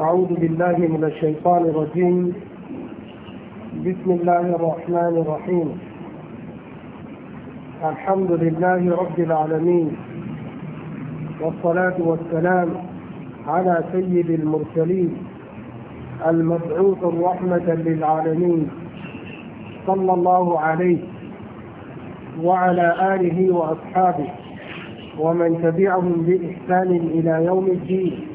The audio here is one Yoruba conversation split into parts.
أعوذ بالله من الشيطان الرجيم بسم الله الرحمن الرحيم الحمد لله رب العالمين والصلاة والسلام على سيد المرسلين المبعوث الرحمة للعالمين صلى الله عليه وعلى آله وأصحابه ومن تبعهم بإحسان إلى يوم الدين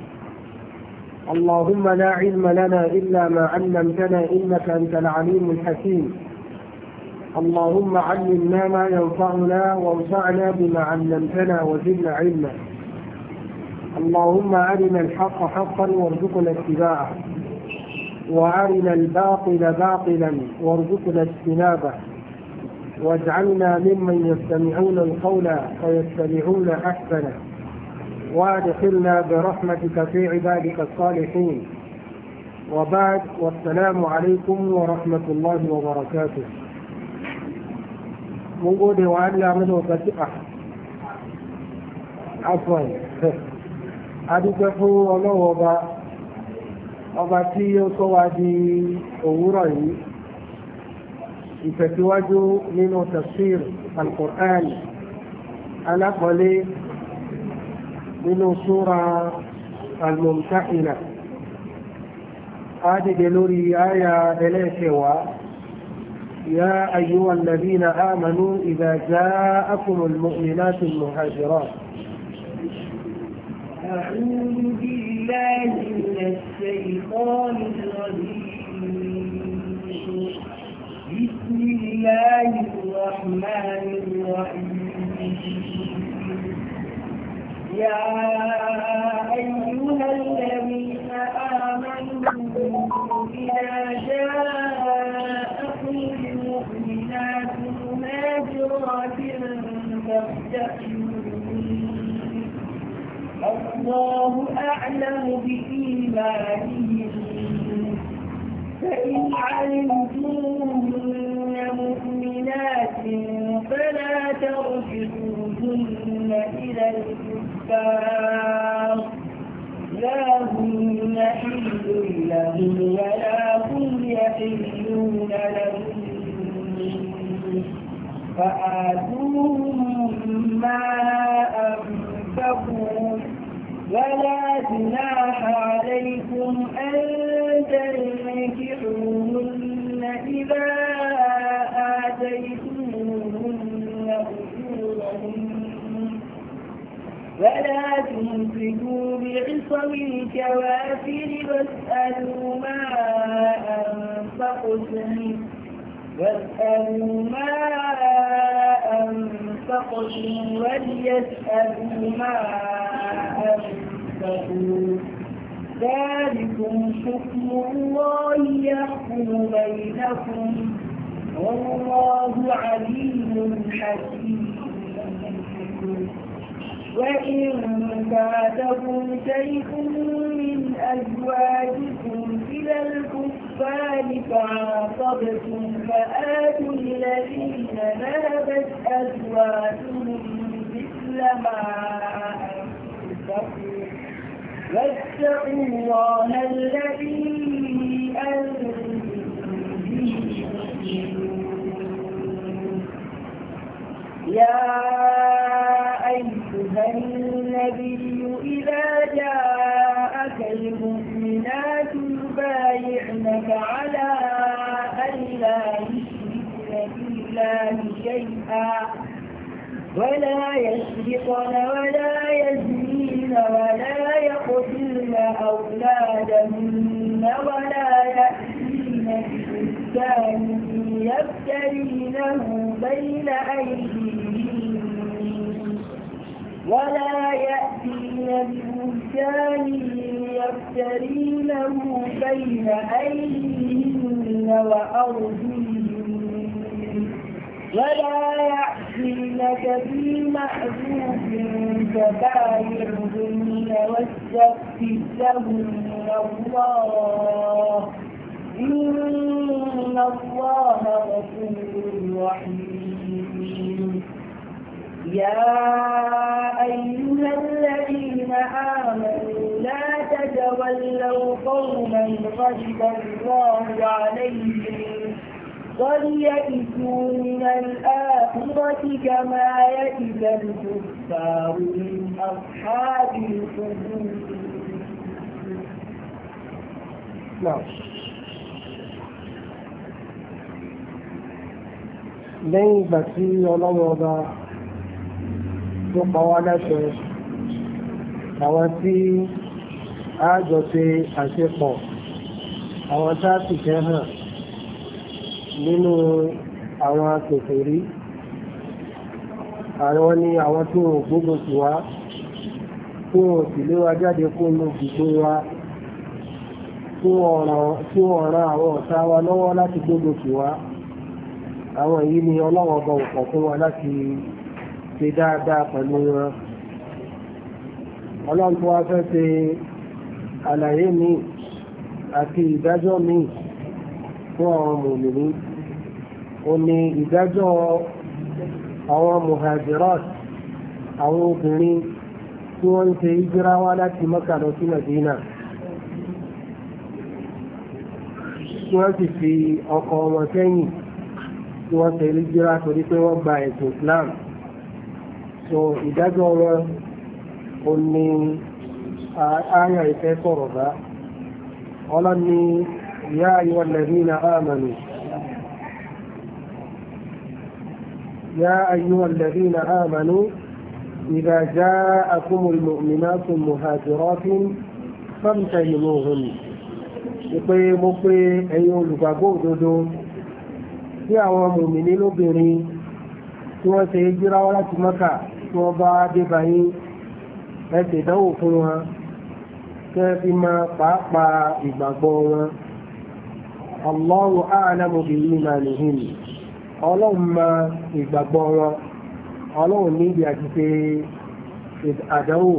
اللهم لا علم لنا إلا ما علمتنا إنك أنت العليم الحكيم اللهم علمنا ما ينفعنا وانفعنا بما علمتنا وزدنا علما اللهم علم الحق حقا وارزقنا اتباعه وارنا الباطل باطلا وارزقنا اجتنابه واجعلنا ممن يستمعون القول فيتبعون احسنه وادخلنا برحمتك في عبادك الصالحين وبعد والسلام عليكم ورحمه الله وبركاته من قول wa Allah madaukaci a afon a ọba tí ó sọ wá di òwúrọ̀ yìí ìtẹ̀síwájú nínú tafsir al-Qur'an alákọ̀ọ́lé nínú súra al-Mumtahina ádìdè lórí àyà ẹlẹ́ẹ̀kẹwàá يا أيها الذين آمنوا إذا جاءكم المؤمنات المهاجرات أعوذ بالله من الشيطان الرجيم بسم الله الرحمن الرحيم يا أيها الذين آمنوا إذا جاءكم المؤمنات مهاجرات فاستأذنوهن الله أعلم بإيمانهم فإن علمتموهن مؤمنات فلا ترجعوهن إلى الكفار لا هن حل لهم ولا هم يحلون لهم فآتوهم ما أنفقوا تتقون ولا جناح عليكم أن تنكحوهن إذا آتيتموهن أجورهن ولا تنفقوا بعصم الكوافر واسألوا ما أنفقتم واسألوا ما أنفقتم فقط وليسألوا ما أنفقوا ذلكم حكم الله يحكم بينكم والله عليم حكيم وإن فاتكم شيء من أزواجكم إلى الكفر ذلك عاقبتم فآتوا الذين نابت أزواجهم مثل ما أنفقوا واتقوا الله الذي أنزل يا أيها النبي إذا جاءك المؤمنات يبايعنك على أن لا يشركن بالله شيئا ولا يسرقن ولا يزنين ولا يقتلن أولادهن ولا يأتين بستان يفترينه بين أيديهم ولا يأتين ببستان يفترينه بين أيديهن وأرجلهن ولا يأتينك في معروف فبايعهن واستغفر لهن الله إن الله غفور رحيم يا أيها الذين آمنوا لا تتولوا قوما غضب الله عليهم قد يئسوا من الآخرة كما يئس الكفار من أصحاب القبور نعم lẹ́yìn ìgbà tí ọlọ́run ọba tó pa wá láṣẹ àwọn tí a jọ ṣe àṣepọ̀ àwọn tá a sì fẹ́ hàn nínú àwọn kèfèrí àwọn ni àwọn tó ò gbógun tì wá tó ò sì lé wa jáde kó ló gbogbo wa tó ọ̀ràn àwọn ọ̀tá wa lọ́wọ́ láti gbógun tì wá àwọn èyí ni ọlọ́wọ́ ọba òpọ̀ fún wa láti ṣe dáadáa pẹ̀lú wọn ọlọ́run tó wá fẹ́ ṣe àlàyé mi àti ìdájọ́ mi fún àwọn mòmìnì ó ní ìdájọ́ àwọn muhajirat àwọn obìnrin tí wọ́n ń ṣe ìjírá wá láti Mẹ́kà lọ sí Mẹ́dínà tí wọ́n sì fi ọkọ̀ wọn sẹ́yìn tí wọ́n ṣe ríjírá torí pé wọ́n gba ètò Islam so ìdájọ́ wọn ò ní ààyè ìfẹ́ sọ̀rọ̀ bá ọlọ́ ni ìyá ayọ̀ lẹ́rìnà àmàlù يا أيها الذين آمنوا إذا جاءكم المؤمنات المهاجرات فامتهنوهن يقيموا في أي أيوة الغابو tí àwọn mùmìnì lóbìnrin tí wọ́n ṣe jíráwá láti mọ́kà tí wọ́n bá dé báyìí ẹ ṣèdánwò fún wọn kẹ́ fi máa pàápàá ìgbàgbọ́ wọn ọlọ́run ma ìgbàgbọ́ wọn ọlọ́run àti àdánwò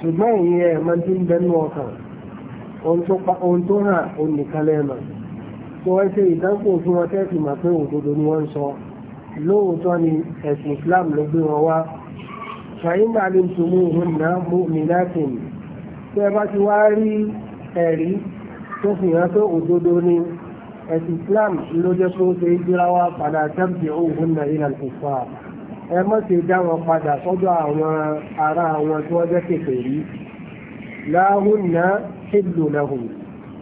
ṣùgbọ́n ìyẹn ọkàn ohun tó hàn nìkan tí wọ́n ṣe ìdánpò fún wọn tẹ́sì mà pé òdodo ni wọ́n ń sọ lóòótọ́ ni ẹ̀sìn Islam ló gbé wọn wá ṣàyín màálùm tó mú òun náà mú mi láti mi tí ẹ bá ti wá rí ẹ̀rí tó fi hàn pé òdodo ni ẹ̀sìn Islam ló jẹ́ pé ó ṣe é gbéra wá padà tẹ́bìtì òun náà ìlànà ìfà ẹ má ṣe dá wọn padà sọ́dọ̀ àwọn ará àwọn tí wọ́n jẹ́ kékeré láhùn náà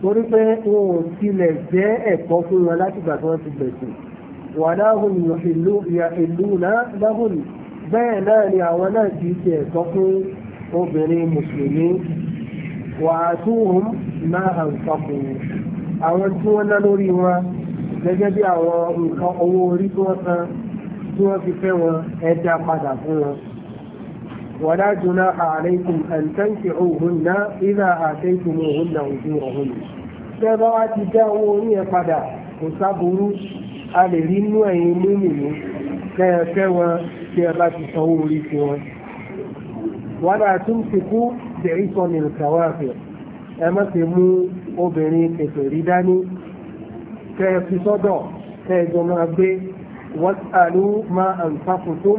torí pé wọn ò tilẹ̀ jẹ́ ẹ̀kọ́ fún wọn láti gbà tí wọ́n ti gbẹ̀sìn wàdáhùn ìlú láhùn bẹ́ẹ̀ náà ni àwọn náà ti ṣe ẹ̀kọ́ fún obìnrin mùsùlùmí wàásùhùn máa hàn sọ́kùn àwọn tí wọ́n ná lórí wọn gẹ́gẹ́ bí àwọn nǹkan owó orí tí wọ́n san tí wọ́n fi fẹ́ wọn ẹja padà fún wọn. ولا جناح عليكم أن تنكحوهن إذا آتيتموهن أجورهن تبعت دعوني قدا وصبروا ألرين وإيمنوا كيكوا كيبات صوري كوا ولا تمسكوا بعصم الكوافر أما تمو أبني كفرداني كيكسدوا كيجمع بي واسألوا ما أنفقتم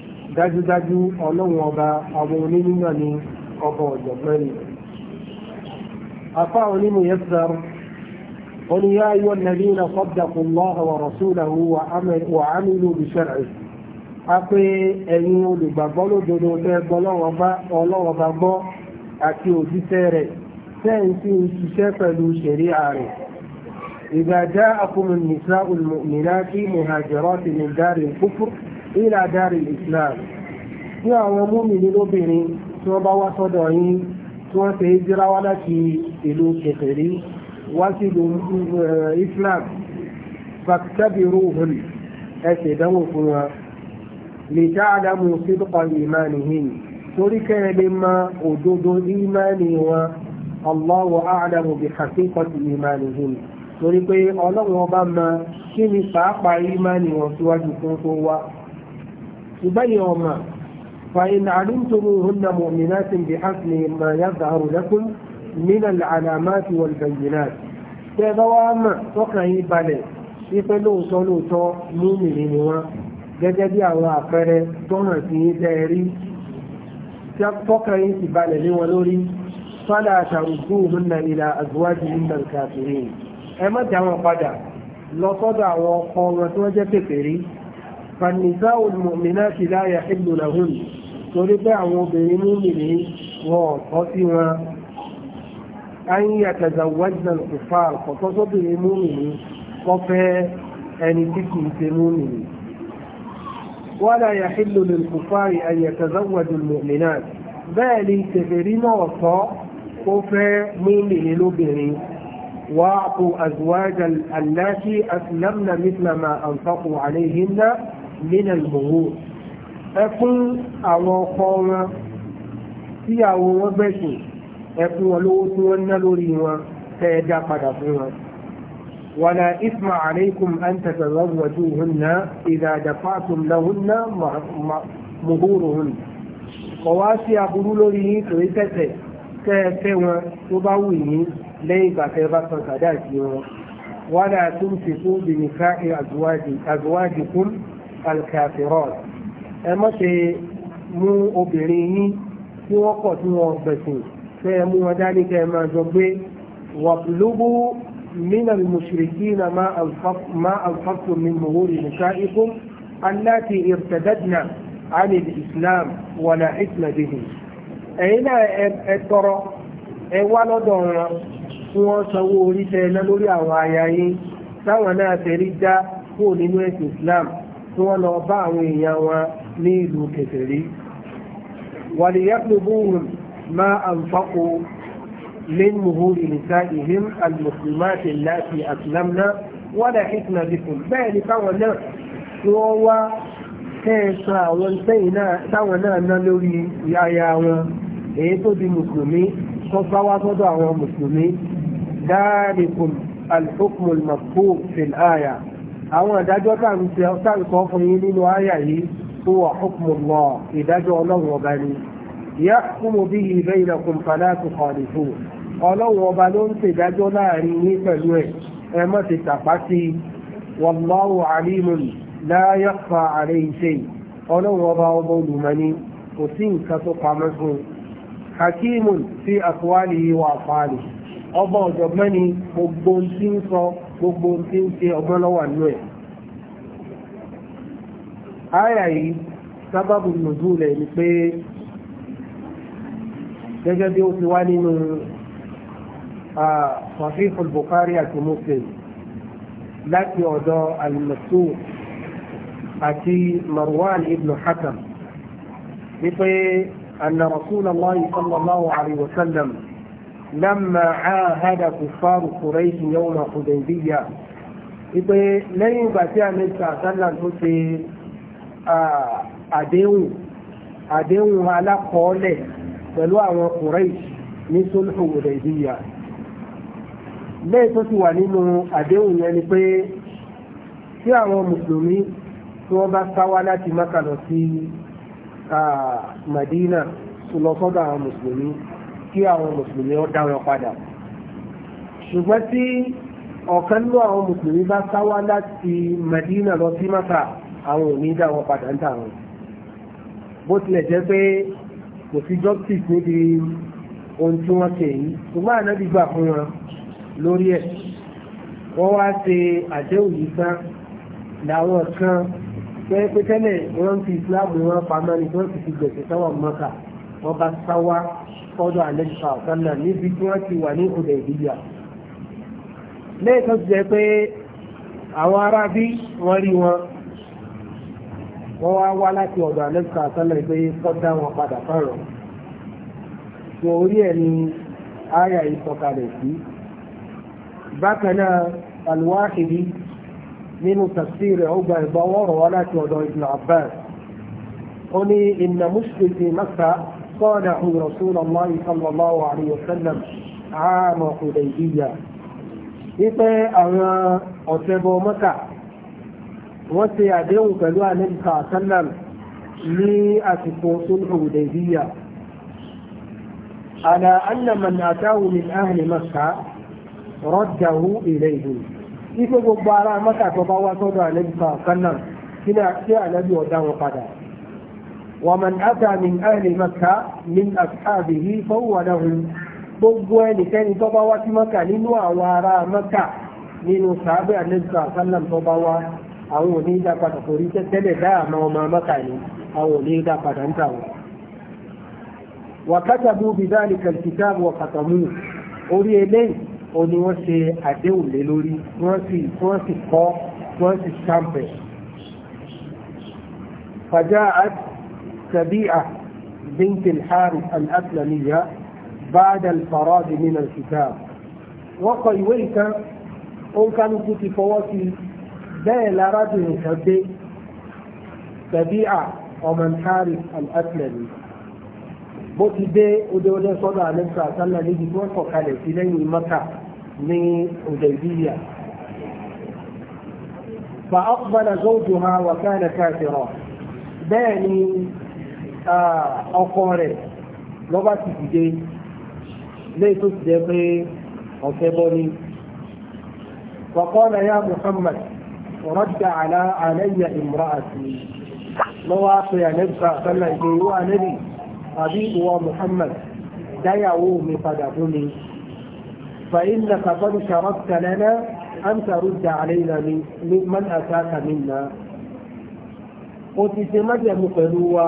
dájúdájú ọlọ́run ọba àwọn onímọ̀ ni ọba ọ̀jọ̀gbọ́n ni afá onímọ̀ yẹn sọ̀rọ̀ قل يا أيها الذين صدقوا الله ورسوله وعملوا بشرعه apé ẹ̀yin olùgbàgbọ́ lódodo tẹ́ gbọ́ ọlọ́wọ́ bá gbọ́ àti òjíṣẹ́ rẹ̀ sẹ́ǹtì ń ṣiṣẹ́ pẹ̀lú ṣẹ̀ríà rẹ̀. إذا جاءكم النساء المؤمنات مهاجرات من دار الكفر إلى دار الإسلام ní àwọn múmìnì lóbìnrin tí wọ́n bá wá sọ́dọ̀ yín tí wọ́n ṣe hijira wá láti ìlú kèfèrí wá sí ìlú eh, Islam faktabiruhun ẹsẹ̀ ìdánwò fún wa lè ta'lamu sidqa imanihin torí kẹ́ẹ̀lẹ́ ma òdodo ìmáni wọn Allahu a'lamu bi imani imanihin tori pe ọlọ́run ọba ma kí ni pàápàá imani wọn síwájú fún tó يبيعهما فإن علمتموهن مؤمنات بحسب ما يظهر لكم من العلامات والبينات تبوا أما تقعي بالي ìpẹ́lú sọlóòtọ́ múmìnì ni wọ́n gẹ́gẹ́ bí àwọn àpẹẹrẹ tọ́nà sí ẹ̀rí tọ́kàrin sì balẹ̀ lé wọn lórí fádà àtàrùkú hunna ila azwaji innal kafirin ẹ mọ́ta wọn padà lọ sọ́dọ̀ àwọn ọkọ فالنساء المؤمنات لا يحل لهن torí pé àwọn obìnrin múmìnì wọ́n tọ́ sí wọn an yatazawwajna al-kuffar kọ̀tọ́ sóbìnrin múmìnì kọ́ fẹ́ ẹni tí kìí ṣe múmìnì wala yahillu lil-kuffari an yatazawwaju al-mu'minat bẹ́ẹ̀ ni tẹ̀fẹ̀rí náà tọ́ kó fẹ́ múmìnì lóbìnrin wa'tu azwaja allati aslamna mithla ma anfaqu alayhinna nínú ìgbòho ẹkún àwọn ọkọ wọn tíyàwó wọn gbẹ̀sìn ẹkún wọn lówó tí wọ́n ná lórí wọn tẹ́ ẹ dá padà fún wọn. ولا إثم عليكم أن تتزوجوهن إذا دفعتم لهن مهورهن قواسي أبرو لوري كريتة tẹ́ẹ̀fẹ́ wọn tó bá wù yín lẹ́yìn ìgbà bá san sàdáàkì wọn wọ́n tún fi fún bìnníkà àzùwádìí الكافرات اما سي مو اوبيرين في وقت مو اوبيرين في مو ذلك ما زبي واطلبوا من المشركين ما الخف ما الخفتم من مرور نسائكم التي ارتددن عن الاسلام ولا اثم به اين اترى ewa lọ́dọ̀ wọn fún wọn sanwó orí fẹ́ẹ́ lórí àwọn aya yìí táwọn náà fẹ́ rí dá tí wọ́n lọ bá àwọn èèyàn wọn ní ìlú kèfèrí وليطلبوهم ما أنفقوا من مهور نسائهم المسلمات اللاتي أسلمنا ولا حكم بكم بل فونا وهو kẹsà àwọn tẹ́yìn náà táwọn náà ná lórí yáyá wọn èyí tó di mùsùlùmí tó sáwá sọ́dọ̀ àwọn mùsùlùmí dáàdìkùn alhukumul mafu àwọn ìdájọ́ táǹkọ́ fún yín nínú àyà yìí tó wà hukmullah ìdájọ́ ọlọ́run ọba ni yahkumu bihi baynakum fala tukhalifu ọlọ́run ọba ló ń ṣèdájọ́ láàrin yín pẹ̀lú ẹ̀ ẹ má ti tàpá sí i wallahu alimun la yakhfa alayhi shay gbogbo tí ń ṣe ọgbọ́n lọ́wọ́ nú ẹ̀ àyà yìí sábàbù nùzúlẹ̀ ni pé gẹ́gẹ́ bí ó ti wá nínú Sahihul Bukhari àti Muslim láti ọ̀dọ̀ al-Mas'ud àti Marwan ibn Hakam wípé anna Rasulullah sallallahu alaihi wa sallam لما عاهد كفار قريش يوم حديبية ipe lẹ́yìn ìgbà tí àmì sàtàlà tó ṣe àdéhùn àdéhùn alákọọ́lẹ̀ pẹ̀lú àwọn Quraysh ní sulhu Hudaybiyah lẹ́yìn tó ti wà nínú àdéhùn yẹn ni pé tí àwọn mùsùlùmí tí wọ́n bá sáwá láti Mákà sí Madina lọ àwọn mùsùlùmí kí àwọn mùsùlùmí ó dá wọn padà ṣùgbọ́n tí ọ̀kan lọ àwọn mùsùlùmí bá sáwá láti Medina lọ sí Maka àwọn ò ní dá wọn padà ń tà wọn bó tilẹ̀ jẹ́ pé kò sí justice níbi ohun tí wọ́n ṣe yìí ṣùgbọ́n ànábì gbà fún wọn lórí ẹ̀ wọ́n wá ṣe àdéhùn yìí tán làwọn kan pé pé tẹ́lẹ̀ wọ́n fi Islam wọn pamọ́ ni wọ́n sì fi gbèsè sáwọn Maka wọ́n bá sáwá sọ́dọ̀ àlejò àfẹ́lẹ̀ níbi tí wọ́n ti wà ní òde ìdíyà lẹ́ẹ̀kan ti jẹ́ pé àwọn ará bí wọ́n rí wọn wọ́n wá wá láti ọ̀dọ̀ àlejò àfẹ́lẹ̀ pé kọ́dá wọn padà fọ́rọ̀ tó orí ẹ̀ ni áyà ìsọ̀kalẹ̀ sí bákan náà alwáhìrí nínú tafsiri ọgbà ìgbà wọ́rọ̀ wá láti ọ̀dọ̀ Ibn Abbas ó ní inna mushkil صالحوا رسول الله صلى الله عليه وسلم عام حديبية ipe àwọn ọ̀tẹ́bọ mọ́ta wọ́n ti àdéhùn pẹ̀lú àlẹ́bìkà sallam ní àsìkò sulhu hudaybiya ala anna man atahu min ahli makka raddahu ilayhi ipe gbogbo ara mọ́ta tó bá wá sọ́dọ̀ àlẹ́bìkà sallam kí ni àlẹ́bì ọ̀dá wọn padà ومن أتى من أهل مكة من أصحابه فهو له gbogbo ẹnikẹ́ni tó bá wá sí mọ́kà nínú àwọn ará mọ́kà nínú sàábẹ̀ àlẹ́sà sálàm tó bá wá àwọn òní ìdá padà kò rí tẹ́tẹ́lẹ̀ dáàmà ọmọ mọ́kà ni àwọn òní ìdá padà ń tàwọn. wàkátàbù bíbáàlì kàlkìtàbù wàkàtàmù orí eléyìí o ni wọ́n سبيعة بنت الحارث الأسلمية بعد الفراغ من الكتاب وقيويت أن كانوا كتي فواتي بيل رجل كبي سبيعة ومن حارث الأسلمي بوتي بي dé òde òde sọ́dọ̀ àlẹ́sà àtàlà níbi tí wọ́n مكه من lẹ́yìn فأقبل زوجها وكان كافرا. بẹ́ẹ̀ ọkọ rẹ̀ lọ́ba ti dìde léyìí tó ti jẹ́ pé ọ̀fẹ́ bọ́ ni. وقال يا محمد رد على علي امرأتي lọ́wọ́ pé àlẹ́bùsà àtọ́lá ìgbé ìwọ́ àlẹ́bì àbí ìwọ́ Muhammad dáyàwó mi padà fún mi fàílẹ̀ kàtọ́lù ṣàrọ́tà lẹ́nà án tàrúdà àlẹ́nà ní mọ́n àtàkà nínà ó ti ṣe májẹ̀mú pẹ̀lú wa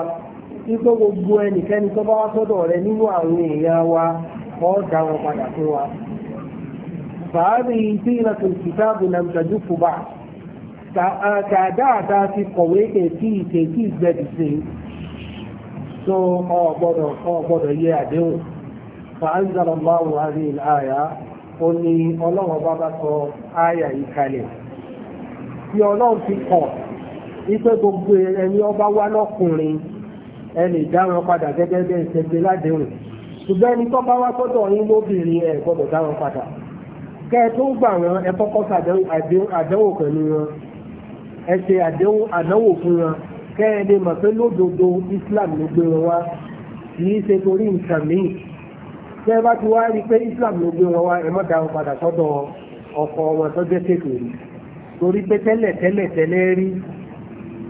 wípé gbogbo ẹnikẹ́ni tó bá wá sọ́dọ̀ rẹ nínú àwọn èèyàn wa ọ́ dá wọn padà fún wa. fàárì tí ìlàkùn kìtàbù nà gbàdú fúbà kàdáàdá ti kọ̀wé kèkí kèkí ìgbẹ́dì sí so ọ gbọ́dọ̀ ọ àdéhùn fàánzàlọ́ máa wà rí ìlàyà ó ní bá bá sọ yìí kalẹ̀ ti kọ̀ gbogbo ẹni ọba lọ́kùnrin ẹni ìdáwọn padà gẹ́gẹ́ bẹ́ẹ̀ ṣẹgbẹ́ ládéhùn ṣùgbọ́n ẹni tó bá wá sọ́dọ̀ yín lóbìnrin ẹ̀ gbọ́dọ̀ dáwọn padà kẹ́ ẹ tó gbà wọn ẹ kọ́kọ́ ṣàdánwò pẹ̀lú wọn ẹ ṣe àdánwò fún wọn kẹ́ ẹ lè mọ̀ pé lódodo Islam ló gbé wọn wá kì í ṣe torí nǹkan míì tẹ́ bá ti wá rí pé Islam ló gbé wọn wá ẹ má dáwọn padà sọ́dọ̀ ọkọ wọn tó jẹ́ kékeré torí pé tẹ́lẹ̀ tẹ́lẹ̀ tẹ́lẹ̀ rí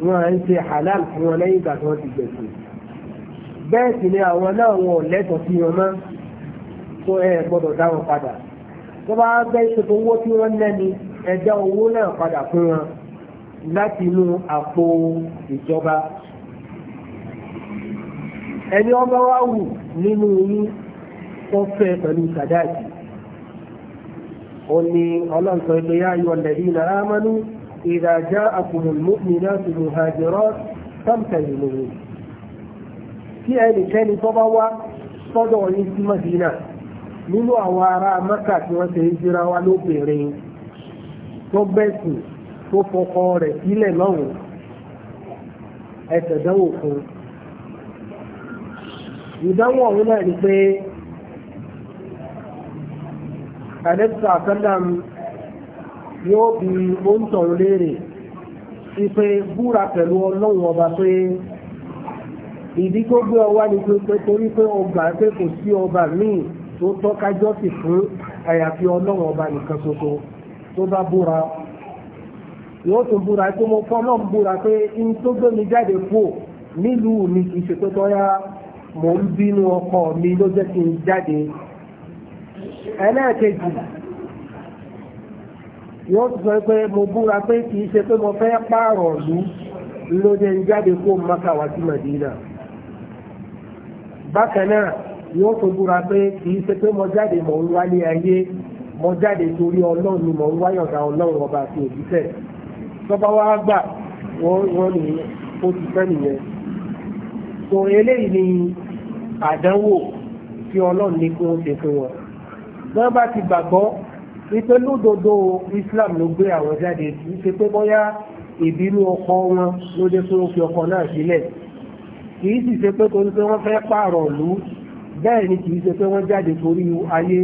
wọn à ń ṣe halal fún wọn lẹ́yìn ìgbà tí wọ́n ti gbẹ̀sìn. bẹ́ẹ̀ sì ni àwọn náà wọn ò lẹ́tọ̀ọ́ sí wọn mọ́ tó ẹ gbọ́dọ̀ dá wọn padà tó bá bẹ́ ṣètò owó tí wọ́n lẹ́ni ẹ owó náà padà fún wọn láti inú àpò ìjọba ẹni ọba wá wù nínú yín tó fẹ́ pẹ̀lú na ìdájá àkùnrin tí ẹnikẹ́ni tó bá wá sọ́dọ̀ yín sí Madina nínú àwọn ará Mẹ́kà tí wọ́n ṣe ń jira wá lóbìnrin tó bẹ̀sùn tó fọkọ rẹ̀ sílẹ̀ ẹsẹ̀ dánwò fún ìdánwò ọ̀hún náà ni pé àdẹ́sà sẹ́lẹ̀m yóò bi oúnjẹ òun léèrè pé búra pẹ̀lú ìdí tó gbé ọ wá ni pé torí pé o gbà pé kò sí ọba míì tó tọ́kájọ́ sì fún àyàfi ọlọ́run ọba nìkan ṣoṣo tó bá búra yóò tún búra tó mo fọ́ náà búra pé n tó gbé mi jáde kú nílùú mi kì í ṣe tó tọ́yá mò ń bínú ọkọ mi ló jẹ́ kí n jáde ẹlẹ́ẹ̀kejì yóò tún sọ pé mo búra pé kì í ṣe pé mo fẹ́ pààrọ̀ ìlú ló ń jáde kú Mákà sí Màdínà bákan náà yóò tó búra pé kì í ṣe pé mo jáde mò ń wálé ayé mo jáde torí ọlọ́run ni mò ń wáyọ̀dá ọlọ́run ọba àti òbítẹ̀ tọ́ba wá gbà wọ́n ní ó ti fẹ́ nìyẹn so eléyìí ni àdánwò tí ọlọ́run ní kí wọ́n ṣe fún wọn wọ́n bá ti gbàgbọ́ wípé lódodo Islam ló gbé àwọn jáde kì í ṣe pé bóyá ìbínú ọkọ wọn ló dé fún òfin ọkọ náà sílẹ̀ kìí sì ṣe pé torí pé wọ́n fẹ́ pààrọ̀ ìlú bẹ́ẹ̀ ni kìí ṣe pé wọ́n jáde torí ayé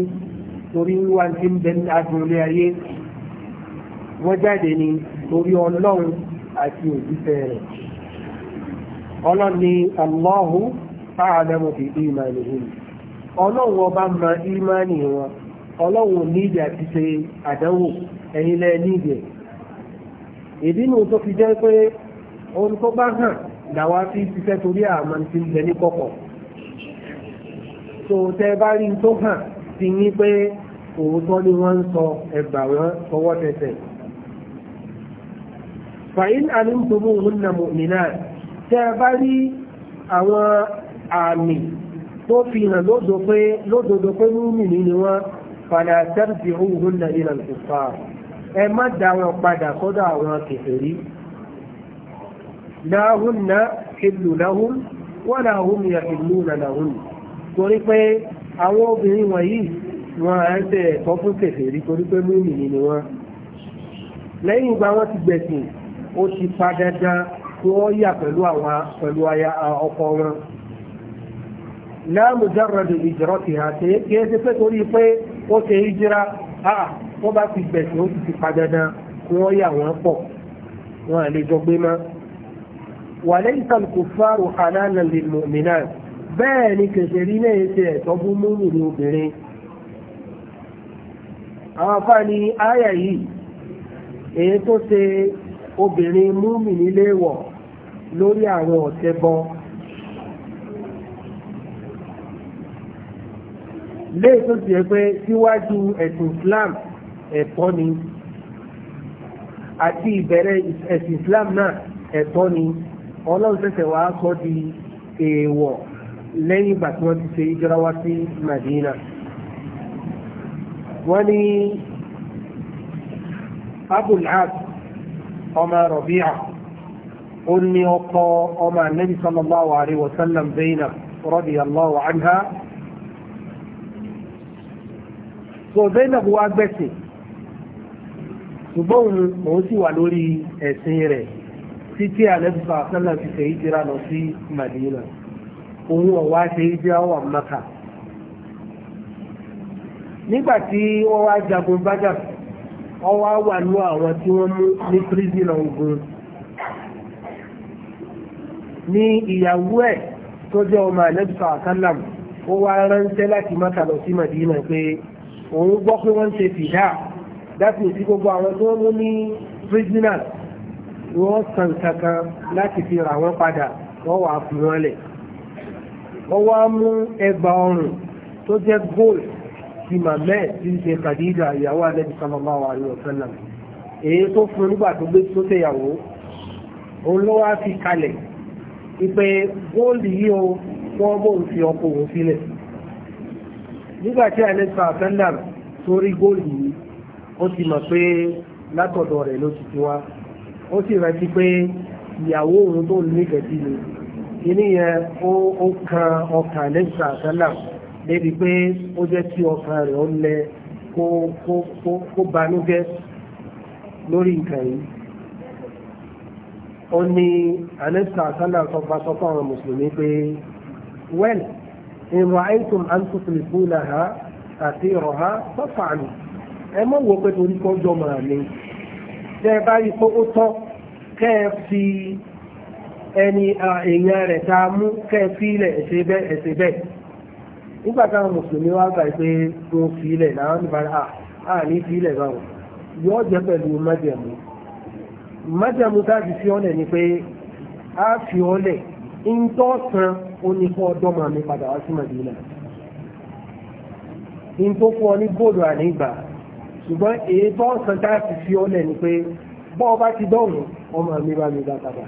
torí wíwá tí ń bẹ agbolé ayé wọ́n jáde ni torí ọlọ́run àti òjíṣẹ́ rẹ̀ ọlọ́run ni Allahu a'lamu bi imanihim ọlọ́run ọba mọ ìmánì wọn ọlọ́run níbi àti ṣe àdánwò ẹ̀yìn lẹ́ẹ̀ níbi ẹ̀ ìdí nù tó fi jẹ́ pé ohun tó bá hàn làwa fi ṣiṣẹ́ torí àmọ́ ti ń ní kọ̀kọ̀ so tẹ́ bá rí tó hàn sí ní pé òótọ́ ni wọ́n ń sọ ẹgbà wọn fọwọ́ tẹsẹ̀ fàyín àlùmtòmù òhunà mòmìnà tẹ́ bá rí àwọn àmì tó fi hàn lódodo pé múmìnì ni wọ́n fàlà tẹ́rì sí òhunà ìlànà ìfà ẹ má dá wọn padà sọ́dọ̀ àwọn kèfèrí لا هن حل لهم ولا هم يحلون لهن torí pé àwọn obìnrin wọ̀nyí wọn à ń a ẹ̀kọ́ fún kèfèrí torí pé múmìnì ni wọ́n lẹ́yìn ìgbà won ti gbẹ̀sìn ó ti pa dandan kí pelu aya ọkọ wọn láàmú járọ̀dù ìjọrọ̀ ti hà ṣe kí ẹ ti pé torí pé ó ṣe ti gbẹ̀sìn ó ti pa dandan وليس الكفار حلالا للمؤمنات بني كثيرين يتعتبوا مؤمن وبرين àǹfààní àyà yìí èyí tó ṣe obìnrin múmi nílé wọ̀ lórí àwọn ọ̀tẹ́bọ lè tó sì yẹ pé síwájú ẹ̀sìn Islam ẹ̀tọ́ ni àti ìbẹ̀rẹ̀ ẹ̀sìn Islam náà ẹ̀tọ́ ni ọlọ́run ṣẹ̀ṣẹ̀ wá sọ di èèwọ̀ lẹ́yìn ìgbà tí wọ́n ti ṣe ìjọra wá sí Madina wọ́n ní abulhaq ọmọ rọ̀bíà ó ní ọkọ ọmọ anabi sallallahu alayhi wa sallam Zainab radiyallahu so Zainab wá gbẹ̀sìn ṣùgbọ́n òun sì wà lórí ẹ̀sìn rẹ̀ títí àlẹ́bùsọ̀ àtàlà ti ṣe ìjìra lọ sí Madina òun ọ̀wá ṣe ìjìra wà Maka nígbà tí wọ́n wá jagun bájà wọ́n wá wà ní àwọn tí wọ́n mú ní prison ogun ní ìyàwó ẹ̀ tó jẹ́ ọmọ àlẹ́bùsọ̀ àtàlà ó wá ránṣẹ́ láti Maka lọ sí Madina pé òun gbọ́ pé wọ́n ń ṣe fìdá dáàbò sí gbogbo àwọn tí wọ́n mú ní prisoners wọ́n san kankan láti fi rà wọ́n padà wọ́n wà fi wọ́n lẹ̀ wọ́n wá mú ẹgbà ọrùn tó jẹ́ gold ti màmẹ́ tí ń ṣe Khadija ìyàwó Ànábì sallallahu alaihi wasallam èyí tó fún nígbà tó gbé tó tẹ̀yàwó òun ló wá fi kalẹ̀ ìpè gold yìí o wọ́n bóun fi ọkọ̀ òun sílẹ̀ nígbà tí Ànábì sallallahu alaihi wasallam yìí ó ti mọ̀ pé látọ̀dọ̀ rẹ̀ ló ti ti wá ó sì rántí pé ìyàwó òun tó nífẹ̀ẹ́ sí ni kíní yẹn ó kan ọkàn lẹ́sà àtàlà débi pé ó jẹ́ kí ọkàn rẹ̀ ó lẹ kó banújẹ́ lórí nǹkan yìí ó ní anẹ́sà àtàlà sọpá sọpá àwọn mùsùlùmí pé wẹ́l ìrọ̀ àìsùn àǹtùfìlì fúnra ha àti ìrọ̀ ha sọ́fà ni. ẹ mọ̀ wọ́pẹ́ torí kọjọ́ mọ̀ àmì tẹ́ bá ó tọ́ fi ẹni èèyàn rẹ̀ tá mú kẹ́ fi ilẹ̀ ẹ̀ṣẹ̀ bẹ́ẹ̀ ẹ̀ṣẹ̀ bẹ́ẹ̀ nígbà mùsùlùmí wá gbà pé wọ́n fi ilẹ̀ làwọn ní bára fi ilẹ̀ báwọn yóò jẹ́ pẹ̀lú májẹ̀mú májẹ̀mú fi ọ́lẹ̀ ni pé a fi ọ́lẹ̀ ń tọ́ san onífọ́ ọdọ́mọ mi padà wá sí màdínà ń tó fún ọ ní ṣùgbọ́n èyí tó ọ̀sán tá a ti fi ọ́lẹ̀ ni pé bọ́ ọba ti dọ̀rùn ọmọ mi bá mi bá padà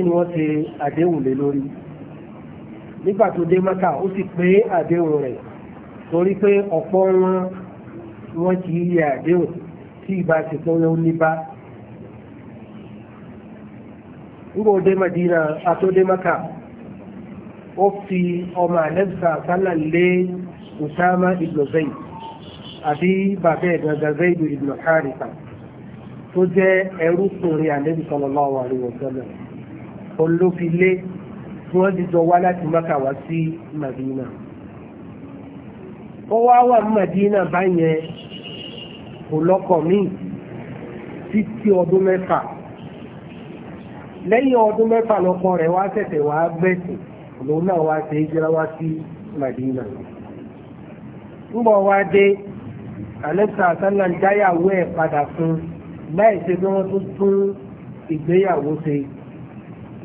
ni wọ́n ṣe àdéhùn lé lórí nígbà tó dé mọ́ta ó sì pé àdéhùn rẹ̀ torí pé ọ̀pọ̀ wọn wọ́n kì í yẹ àdéhùn tí ìbá ti pọ́n ló ní bá nígbà dé Madina àtọ́dé mọ́ta ó fi ọmọ àlẹ́bùsà sálà lé Usama ibn àbí bàbá ẹ̀dọ̀dọ̀ zaidu ibn harita tó jẹ́ ẹrú sórí ànábì sallallahu alaihi wasallam olófilé tí wọ́n ti jọ wá láti maka wá sí madina ó wá wà madina báyẹn kò lọ́kọ míì títí ọdún mẹ́fà lẹ́yìn ọdún mẹ́fà lọ́kọ rẹ̀ wá ṣẹ̀ṣẹ̀ wá gbẹ̀sìn lòun náà wá ṣe é jẹ́ra wá sí madina ń bọ̀ wá dé àlẹ́sà àtàlà ń dáyàwó ẹ̀ padà fún láì ṣe pé wọ́n tún tún ìgbéyàwó ṣe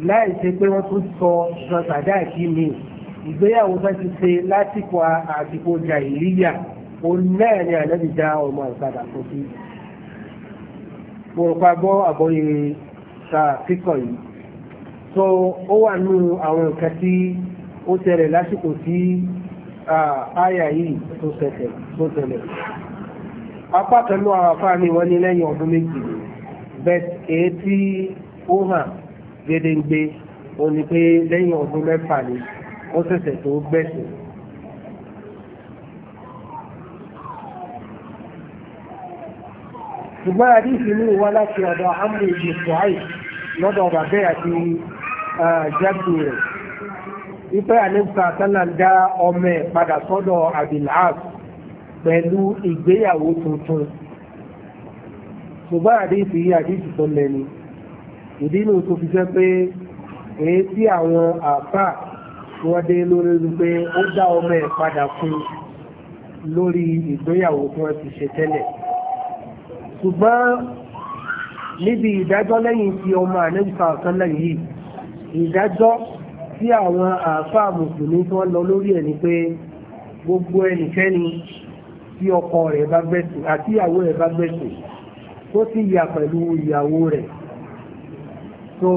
láì ṣe pé wọ́n tún sọ sọ tàdá ìkí mi ìgbéyàwó bá ti ṣe lásìkò àsìkò jàìlíyà òun náà ni ànábì dá ọmọ àgbàdà fún sí. mo rò pa gbọ́ àbọ̀yé ta kíkọ̀ yìí so ó wà nù àwọn nǹkan tí ó tẹ̀lé lásìkò tí àyà yìí tó tẹ̀lé apá pẹ̀lú àwọn afáàní wọn ní lẹ́yìn ọdún méjì bẹ́ẹ̀ èyí tí ó hàn gédéǹgbé ó ní pé lẹ́yìn ọdún mẹ́fà ni ó ṣẹ̀ṣẹ̀ tó gbẹ̀sìn. ṣùgbọ́n àdíṣì ní ìwá láti ọ̀dọ̀ àmì ìjì ṣùháì lọ́dọ̀ bàbẹ́ àti jẹ́bù rẹ̀ ipẹ́ àníkà tánà dá ọmọ ẹ̀ padà sọ́dọ̀ àbìláàbù pẹ̀lú ìgbéyàwó tuntun ṣùgbọ́n àdéhìsì yìí àdéhìsì tó lẹ́ni ìdí inú tó fi jẹ́ pé èyí tí àwọn àfà wọ́n dé lórí wípé ó dá ọmọ ẹ̀ padà fún lórí ìgbéyàwó tí wọ́n ti ṣe tẹ́lẹ̀ ṣùgbọ́n níbi ìdájọ́ lẹ́yìn tí ọmọ àlẹ́bùkà ọ̀kan lẹ́yìn yìí ìdájọ́ tí àwọn àfà mùsùlùmí tí wọ́n lọ lórí ẹ̀ ni pé gbogbo ẹnikẹ́ni tí ọkọ rẹ̀ bá gbẹ̀sìn àti ìyàwó rẹ̀ bá gbẹ̀sìn tó sì yà pẹ̀lú ìyàwó rẹ̀ so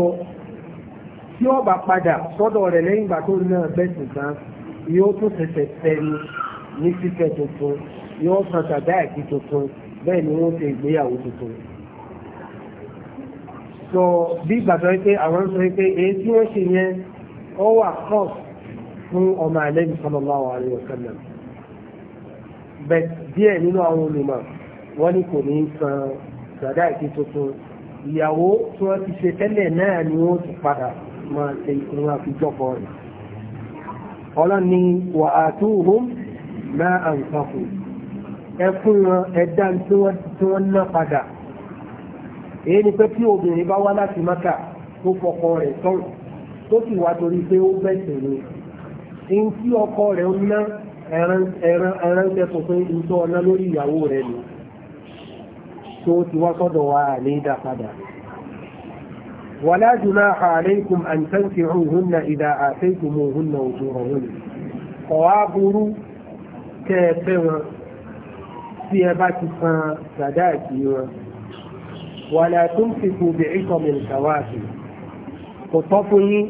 tí ó bá padà sọ́dọ̀ rẹ̀ lẹ́yìn ìgbà tó náà gbẹ̀sìn tán yóò tún ṣẹ̀ṣẹ̀ tẹnu ní fífẹ́ tuntun yóò san tàbí àìsí tuntun bẹ́ẹ̀ ni wọ́n ṣe ìgbéyàwó tuntun so bí ìgbà sọ pé àwọn sọ pé èyí tí wọ́n ṣe yẹn ó wà fún ọmọ àlẹ́bí sallallahu alaihi wasallam bẹ́ẹ̀ díẹ̀ nínú àwọn olùmọ̀ wọ́n ní kò ní san sàdá ìdí tuntun ìyàwó tí wọ́n ti ṣe tẹ́lẹ̀ náà ni wọ́n ti padà máa ṣe ìrìn àfijọ́pọ̀ rẹ̀ ọlọ́ni wà á tó hùm máa àǹfààfò wọn ẹ̀dá tí wọ́n ná padà èyí ni pé tí obìnrin bá wá láti mọ́kà tó fọkọ rẹ̀ tán tó sì wá torí pé ó bẹ̀sẹ̀ ni èyí tí ọkọ rẹ̀ ń ná ẹ̀ránṣẹ́ sọ pé ìtọ́ ọ̀nà lórí ìyàwó rẹ̀ ni tó ti wá sọ́dọ̀ wa ní ìdá padà ولا جناح عليكم أن تنفعوهن إذا آتيتموهن أجورهن قوابروا كافرا في أبات سداتي ولا تمسكوا بعصم الكواكب قطفني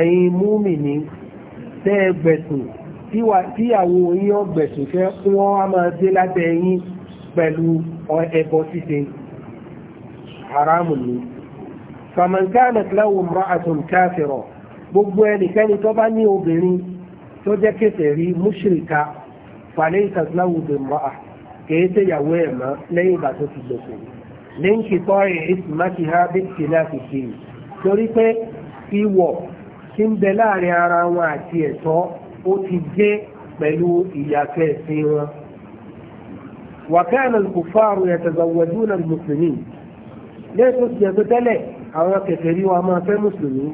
أي مؤمني تابتوا tíyàwó yín ọgbẹ̀sùn fẹ́ kún wọ́n á máa dé lábẹ́ yín pẹ̀lú ẹbọ ṣíṣe haramu ni fàmàǹkánà láwùn mra'atun káfìrọ̀ gbogbo ẹnikẹ́ni tó bá ní obìnrin tó jẹ́ kéfè rí múṣìríkà fàlẹ́ìsà láwùn bèmọ́à kèé tẹ́ yàwó ó ti jẹ́ pẹ̀lú ìyàfẹ́ sí wọn wàkánà kùfààrù yatazawwajuna mùsùlùmí lẹ́sùn ti ẹ̀tọ́ tẹ́lẹ̀ àwọn kèfèrí wa máa fẹ́ mùsùlùmí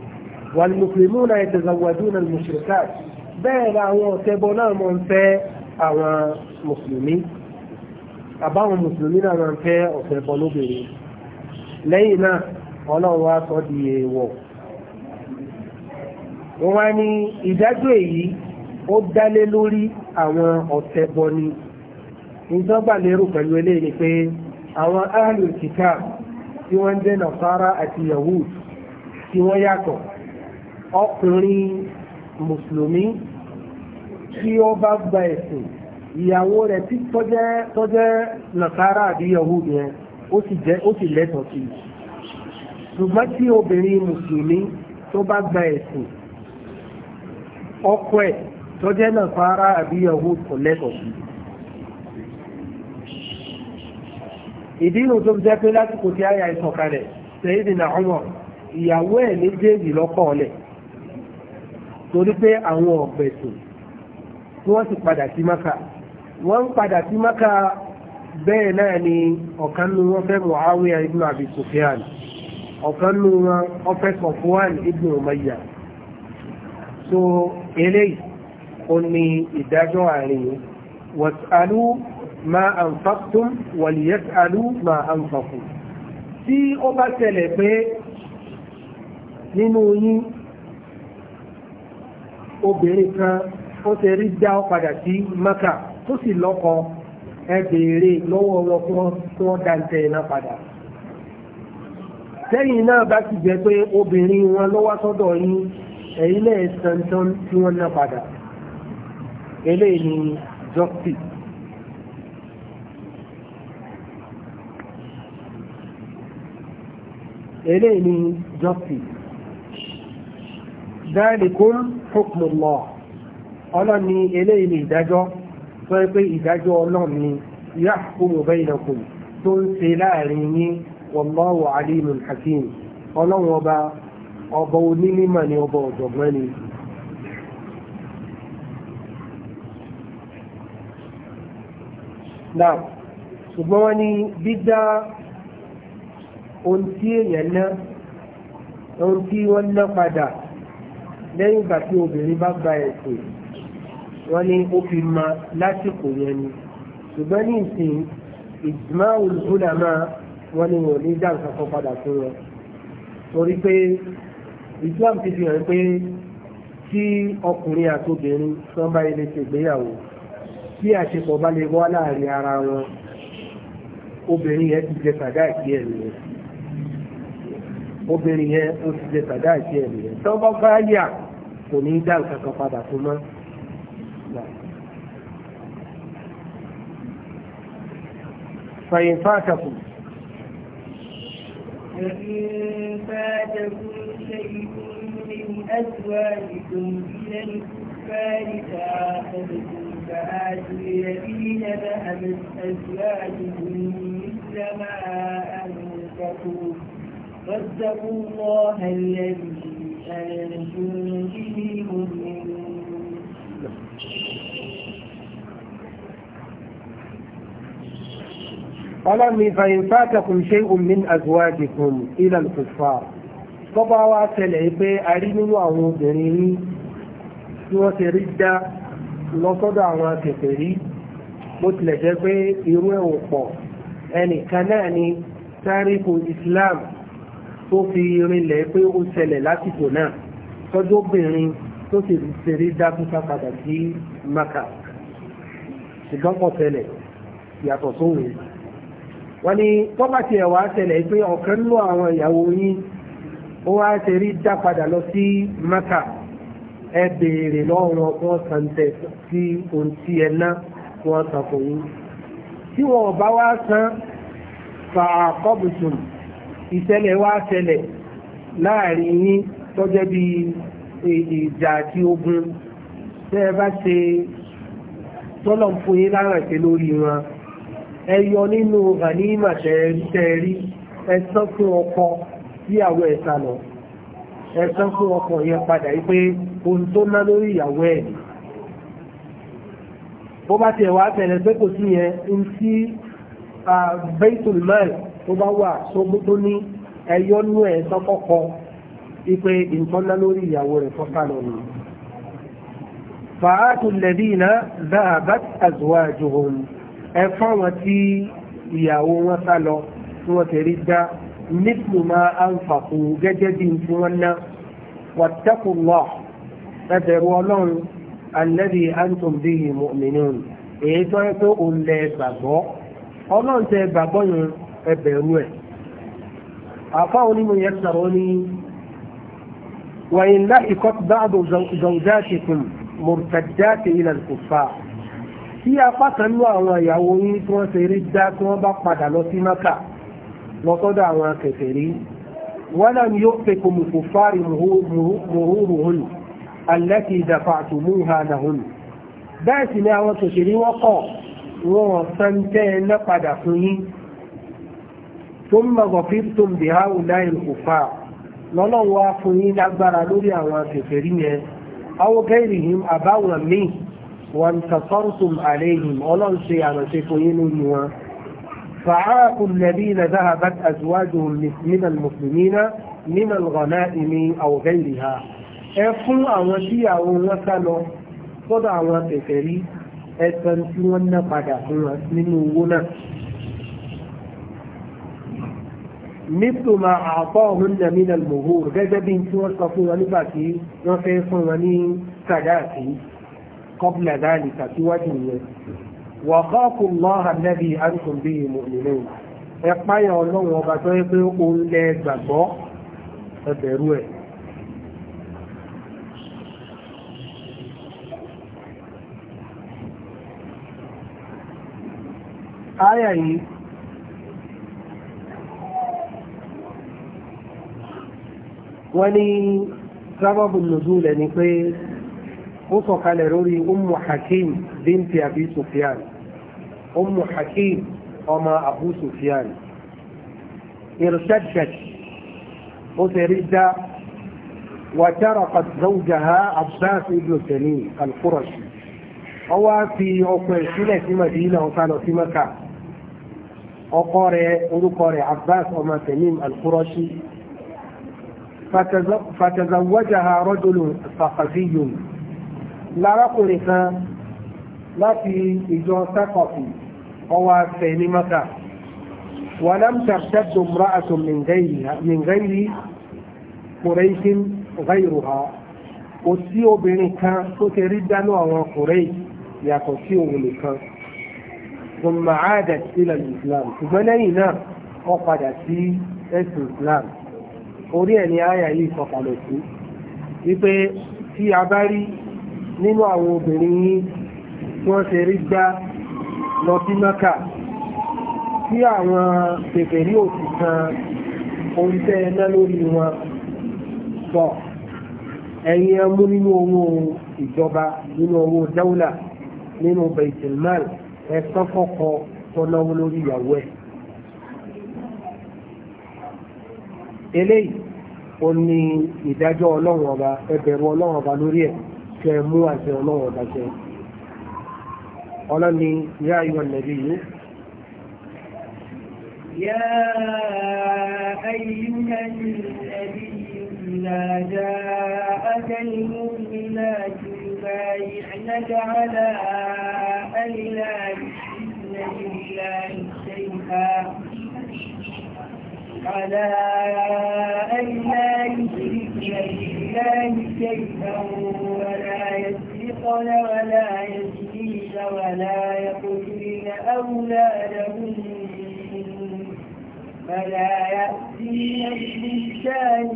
wal muslimuna yatazawwajuna mushrikat bẹ́ẹ̀ la àwọn ọ̀tẹ́bọ náà mọ̀ ń mùsùlùmí àbáwọn mùsùlùmí náà máa fẹ́ ọ̀tẹ́bọ lóbìnrin lẹ́yìn náà ọlọ́run wá sọ wọ́n wá ní ìdájọ́ èyí ó dálé lórí àwọn ọ̀tẹ̀ bọni nǹkan gbà lérò pẹ̀lú eléyìí ni pé àwọn ahlul kitab tí wọ́n ń jẹ́ nàfárá àti yahud tí wọ́n yàtọ̀ ọkùnrin mùsùlùmí tí ó bá gba ẹ̀sìn ìyàwó rẹ̀ tí tọ́jẹ́ nàfárá àti yahud yẹn ó sì lẹ́tọ̀ọ́ sí ṣùgbọ́n tí obìnrin mùsùlùmí tó bá gba ẹ̀sìn ọkọ ẹ̀ tó jẹ́ náà fara àbí Yahud kò lẹ́tọ̀ọ́ sí ìdí inú tó jẹ́ pé lásìkò tí àyà ìsọ̀kalẹ̀ Sayyidina Umar ìyàwó ẹ̀ méjèèjì lọ́kọ̀ ọ̀lẹ̀ torí pé àwọn ọ̀gbẹ̀sùn tí wọ́n sì padà sí Mákà wọ́n so eléyìí ó ní ìdájọ́ àárín yìí wàtàlú ma anfaqtum wàlìyàtàlú ma anfaqu tí ó bá tẹ̀lẹ̀ pé nínú yín obìnrin kan ó ti rí dá padà sí maka tó sì lọ́kọ ẹ béèrè lọ́wọ́ wọn kí wọ́n dáńtẹ́ iná padà tẹ́yìn náà bá ti jẹ́ pé obìnrin wọn lọ́wọ́ sọ́dọ̀ yín ẹ̀yin náà san tán tí wọ́n ná padà eléyìí ni justice eléyìí ni justice dáìlìkún hukmullah ọlọ́run ni eléyìí ni ìdájọ́ tó yẹ pé ìdájọ́ ọlọ́run ni yahkumu bainakum tó ń ṣe láàrin yín wallahu alimun hakim ọlọ́run ọba ọba onímọ̀ ni ọba ọ̀jọ̀gbọ́n náà ṣùgbọ́n wọ́n ní dídá ohun tí èèyàn ná ohun tí wọ́n ná padà lẹ́yìn ìgbà tí obìnrin bá gba ẹ̀sìn wọ́n ní ó fi ma lásìkò yẹn ni ṣùgbọ́n ní ìsìn ìjìmá olùkúlà máa wọ́n ní wọ́n ní dá padà fún wọn torí pé Islam ti fi hàn pé tí ọkùnrin àti obìnrin tí bá ilé ṣègbéyàwó tí àṣepọ̀ bá lè wá láàrin ara wọn obìnrin yẹn ti jẹ sàdáàkì ẹ̀ nìyẹn obìnrin yẹn ó ti jẹ sàdáàkì ẹ̀ nìyẹn tó bá bá yà kò ní dá nǹkan kan padà fún mọ́. فإن فاتكم فإن فاتكم شيء من أزواجكم إلى الكفار فعاقبتم أمهات الذين أزواجهم مثل ما أنفقوا فاتقوا الله الذي أنتم به مؤمنون ọlọ́mi fàyín fàtàkùn ṣe òmìn àzúwájìkùn ilẹ̀ kùfà tó bá wá tẹ́lẹ̀ pé a rí nínú àwọn obìnrin tí wọ́n ti rí dá lọ́sọ́dọ̀ àwọn akẹ̀kẹ̀ rí bó tilẹ̀ jẹ́ pé irú ẹ̀wọ̀n pọ̀ ẹnìkan náà ni tárìkù Islam tó fi rinlẹ̀ pé ó ṣẹlẹ̀ lásìkò náà tọ́jú obìnrin tó sì ṣeré dákúta padà sí Maka ṣùgbọ́n kò ṣẹlẹ̀ yàtọ̀ sóhun wọ́n ní tọ́ba ti ẹ̀wà ṣẹlẹ̀ pé ọ̀kan lọ àwọn ìyàwó yín ó wá ṣeré dá padà lọ sí Maka ẹ béèrè lọ́wọ́ wọn san tẹ̀ sí ohun tí ẹ ná wọn san fún yín tí wọn ò bá wá san fa àkọ́bùsùn ìṣẹ̀lẹ̀ wá ṣẹlẹ̀ láàrin yín tọ́jẹ́ bí ìjà àti ogun tẹ́ ẹ bá ṣe tọ́lọ̀ fún yín lárànṣẹ́ lórí wọn ẹ yọ nínú ghanima tẹ́ẹ̀rí ẹ̀sán fún ọkọ sí àwọn ẹ̀sà lọ ẹ̀sán fún ọkọ yẹn padà yí pé ohun tó ná lórí ìyàwó ẹ̀ ni bó bá tiẹ̀ wá tẹ̀lẹ̀ pé kò sí yẹn ń tí baitul mal tó bá wà sógbótó ní ẹyọ́nú ẹ̀ sọ́kọ́kọ́ ipe nǹkan ná lórí ìyàwó rẹ̀ fọ́ká lọ ni fàátù lẹ́dínà dáàbàt azwajuhum ẹ fáwọn tí ìyàwó wọn sá lọ tí wọ́n tẹ̀rí dá nípò máa ń fàkùn gẹ́gẹ́ bí nǹkan wọn ná wàtẹ́kùn lọ́ọ̀ ẹbẹ̀rù ọlọ́run alẹ́bí antum bíi mu'minun èyí tó ń pé òun lẹ gbàgbọ́ ọlọ́run tẹ gbàgbọ́ yẹn ẹbẹ̀rù ẹ̀ àfa onímọ̀ yẹn sọ̀rọ̀ ní wàyìn láì kọ́ báàbò zawjatikum murtaddati ila al-kuffar tí apá kan lọ àwọn ìyàwó yín tí wọ́n ṣe rí dá tí wọ́n bá padà lọ sí mẹ́kà lọ́sọ́dọ̀ àwọn kèfèrí walam yu'tikum kuffari muhuruhun التي دفعتموها لهم باتنا وتشري وقع ووصنتين قد ثم ظفرتم بهؤلاء الكفار lọ́lọ́run wá fún yín lágbára lórí àwọn àfẹ̀fẹ̀rí yẹn awọ́gẹ́rìhìm àbáwọn míì wọn tàtọ́rùtùm àlẹ́yìn ọlọ́run ṣe fún yín lórí wọn. فعاقوا الذين ذهبت أزواجهم من المسلمين من الغنائم أو غيرها ẹ fún àwọn síyàwó wọn sá lọ sọ́dọ̀ àwọn tẹ̀fẹ̀ rí ẹ̀sán tí wọ́n ná padà fún wọn nínú owó náà. mítò máa àpọ̀ òun nà mí nà lòhó gẹ́gẹ́ bí tí wọ́n sọ fún wọn nígbà tí wọ́n fẹ́ fún wọn ní sàdáàtì kọ́bùlà dáàlì tàbíwájú yẹn. wàhọ́kù lọ́hà lẹ́bi àrùkùn bí mòmìnir ẹ̀páyà ọlọ́run ọba tó yẹ pé òun lẹ gbàgbọ́ ẹbẹ̀rú ẹ̀. Ayà yìí, wọ́n ní sábàbù nùzúlẹ̀ ni pé ó sọ̀kalẹ̀ lórí Ummu Hakim bínti Abi Sufyan, Ummu Hakim ọmọ Abu Sufyan, irṣẹ́ṣẹ́ṣ, ó ṣe rí dá وتركت زوجها عباس بن سليم القرشي هو في عقل سنة مدينة وكان في مكة ọkọ rẹ̀ orúkọ rẹ̀ abbas ọmọ tẹ̀mím alkúrọ́ṣí fàtàzàwájáha rọ́dùlù fàkàfíyùn lárakùnrin kan láti ìjọ sákọ̀fì ọwà fẹ̀ ní maka wà nám tàbtàbtò mra'atò mìngáyìí kùrẹ́ṣin gáyìrùha kò sí obìnrin kan tó ti rí dánú àwọn kùrẹ́ṣ yàtọ̀ sí òun nìkan ثم عادت إلى الإسلام فبنينا وقد في الإسلام orí ẹni ayà yìí sọ̀kalẹ̀ sí wípé tí a bá rí nínú àwọn obìnrin yìí tí wọ́n ṣe rí gbá lọ sí mẹ́kà tí àwọn bèbèrí òsì kan oríṣẹ́ ẹ̀nà lórí wọn pọ̀ ẹ̀yìn ẹmú nínú owó ìjọba nínú owó dáúlà nínú baitilmal ẹ̀sán fọ́kọ tọ́lọ́wọ́ lórí ìyàwó ẹ̀. eléyìí ó ní ìdájọ́ ọlọ́run ọba ẹbẹ̀rù ọlọ́run ọba lórí ẹ̀ kí ẹ mú àṣẹ ọlọ́run ọba jẹ. ọlọ́ni ya ayọ̀ nẹ̀bí yìí. يا أيها يبايعنك على أن لا يشركن بالله شيئا على أن لا يشرك لله شيئا ولا يسرقن ولا يزنين ولا يقتلن أولادهن فلا يأتي بلسان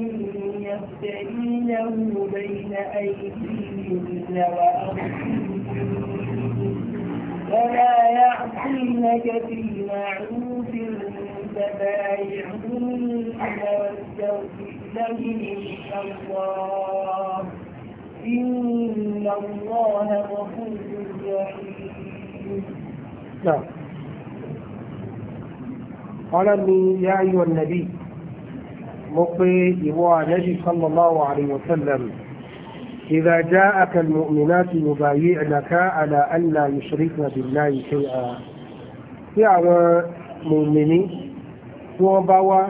يفترينه بين أيديهن وأرجلهن ولا يعصينك في معروف فبايعهن واستغفر لهن الله إن الله غفور رحيم نعم ọlọ́ni yá ayọ̀ nàbí mo pé ìwọ ànábì sallallahu alayhi wa sallam إذا جاءك المؤمنات يبايعنك على أن لا يشركن بالله شيئا tí àwọn mùmìnì tí wọ́n bá wá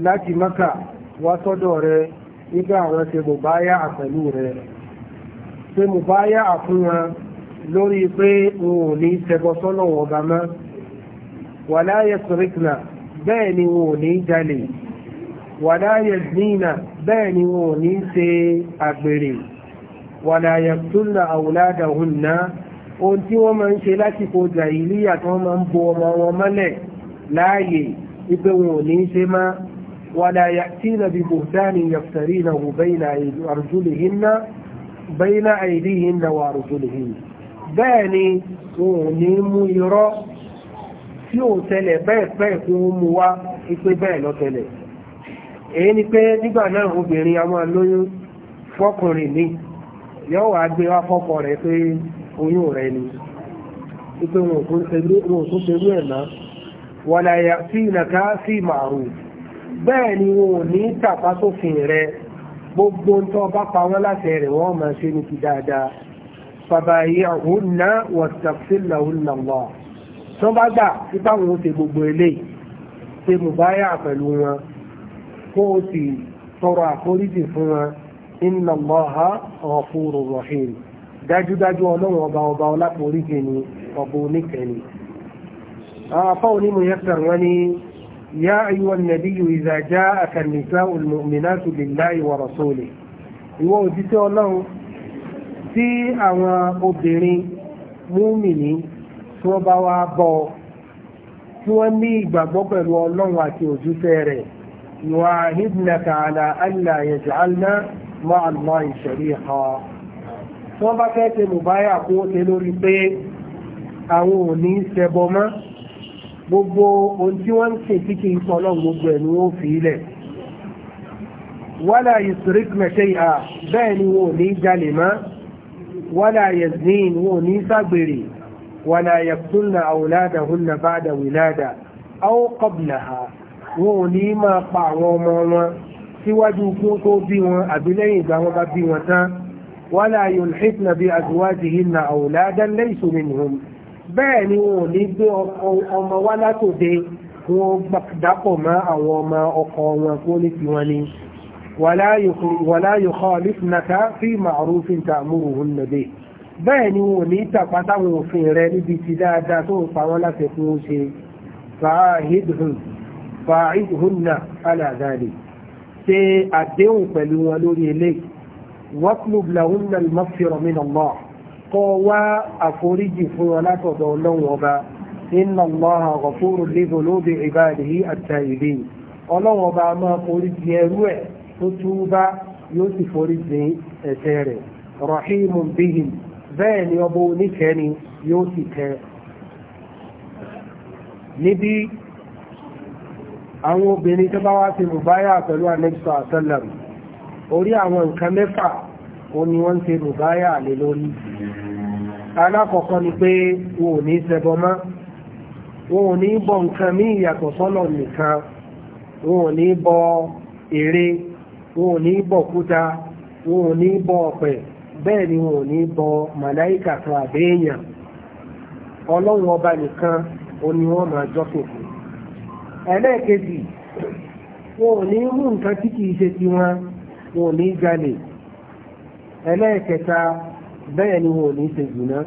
láti maka wá sọ́dọ̀ rẹ nígbà àwọn ṣe mò bá yá àpẹ̀lú rẹ ṣe mò bá yá àfún wọn lórí pé wọn ò ní ṣẹbọ sọ́nà wọn bá mọ́ wàlá yasrikna bẹ́ẹ̀ ni wọn ò ní jalè wàlá yaznina bẹ́ẹ̀ ni wọn ò ní ṣe àgbèrè wàlá yaqtulna awladahunna ohun tí wọ́n máa ń ṣe lásìkò jàìlíyà tí wọ́n máa ń bo ọmọ wọn mọ́lẹ̀ láàyè ipé wọn ò ní ṣe má wàlá ya'tina bi buhtani yaftarinahu bayna arjulihinna bayna aydihinna wa arjulihinna bẹ́ẹ̀ ni wọn ò ní mú irọ́ tí ò tẹlẹ̀ bẹ́ẹ̀ bẹ́ẹ̀ pé wọ́n mú wá ipé bẹ́ẹ̀ lọ tẹlẹ̀ èyí ni pé nígbà náà obìnrin a máa lóyún fọ́kùnrin mi yọ́ wàá gbé wá fọ́kọ rẹ̀ pé oyún rẹ̀ ni ipé wọn kò tún ṣerú ẹ̀ wọ́n la bẹ́ẹ̀ ni wọn ò ní tàpá sófin rẹ̀ gbogbo ń tọ́ bá pa wọ́n láti rẹ̀ wọ́n máa ṣe ní ti dáadáa fàbàyí àhùn náà wọ́n tàbí sílẹ̀ òun náà tí wọ́n bá gbà ipá wọn ṣe gbogbo eléyìí ṣe mùbáyà pẹ̀lú wọn kó o sì tọrọ àforíjì fún wọn inna Allaha ghafurur rahim dájúdájú ọlọ́run ọba ọba ọláforíjì ni ọba oníkẹ́ni. فهو ميسر وني يا أيها النبي إذا جاءك النساء المؤمنات لله ورسوله ìwọ òjíṣẹ́ Ọlọ́run tí àwọn obìnrin múmìnì tí wọ́n bá wá bọ́ ọ tí wọ́n ní ìgbàgbọ́ pẹ̀lú ọlọ́run àti òjúfẹ́ rẹ̀ ìwà hibnaka ala alla yaj'alna ma'a Allahi shariha tí wọ́n bá fẹ́ ṣe mùbáyà kó ṣe lórí pé àwọn ò ní ṣẹbọ mọ́ gbogbo ohun tí wọ́n ń ṣe tí kì í sọ gbogbo ẹ̀ ni wọ́n fi ilẹ̀ wala yusrikna shay'a bẹ́ẹ̀ ni wọn ò ní jalè mọ́ wala yaznin wọn ò ní ṣàgbèrè ولا يقتلن أولادهن بعد ولادة أو قبلها wọn ò ní máa pa àwọn ọmọ wọn síwájú kí ó tó bí wọn àbí lẹ́yìn ìgbà wọn bá bí wọn tán wala yulhitna bi azwajihinna awladan laysa minhum bẹ́ẹ̀ ni wọn ò ní gbé ọmọ wá látòde wọn dápọ̀ mọ́ àwọn ọmọ ọkọ wọn kó ní ti wọn ni wala yukhalifnaka fi ma'rufin ta'muruhunna bihi bẹ́ẹ̀ ni wọn ní tàpá táwọn òfin rẹ níbi ti dáadáa tó ń pa wọ́n láti fún ó ṣe fàáhìdùnà aláàdáàlè ṣe àdéhùn pẹ̀lú wọn lórí ilé wọ́pùlùbùlàhùnà mọ́fìrọ̀mìnàmọ́ kọ́ wá àforíjì fún wọn látọ̀dọ̀ ọlọ́run ọba inna allaha ghafuru li rahimun bihim bẹ́ẹ̀ ni ọba oníkẹ́ ni yóò sì kẹ́ níbi àwọn obìnrin tó bá wá sí rùbáyà pẹ̀lú anẹ́bísọ̀ àtọ́lẹ̀m orí àwọn nǹkan mẹ́fà ó ní wọ́n ṣe rùbáyà lé lórí alákọ̀ọ́kọ́ ni pé wọn ò ní ṣẹbọ mọ́ wọn ò ní bọ nǹkan mí ìyàtọ̀ sọ́lọ̀ nìkan wọn ò ní bọ ère wọn ò ní bọ kúta wọn ò ní bọ ọ̀pẹ̀ bẹ́ẹ̀ ni wọn ní bọ màláìkà kan àbẹ́yàn ọlọ́run ọba nìkan ó ní wọ́n máa ẹlẹ́ẹ̀kejì wọn ò ní mú nǹkan tí kìí ṣe ti wọn wọn ò ní jalè bẹ́ẹ̀ ni wọn ní ṣe zìnà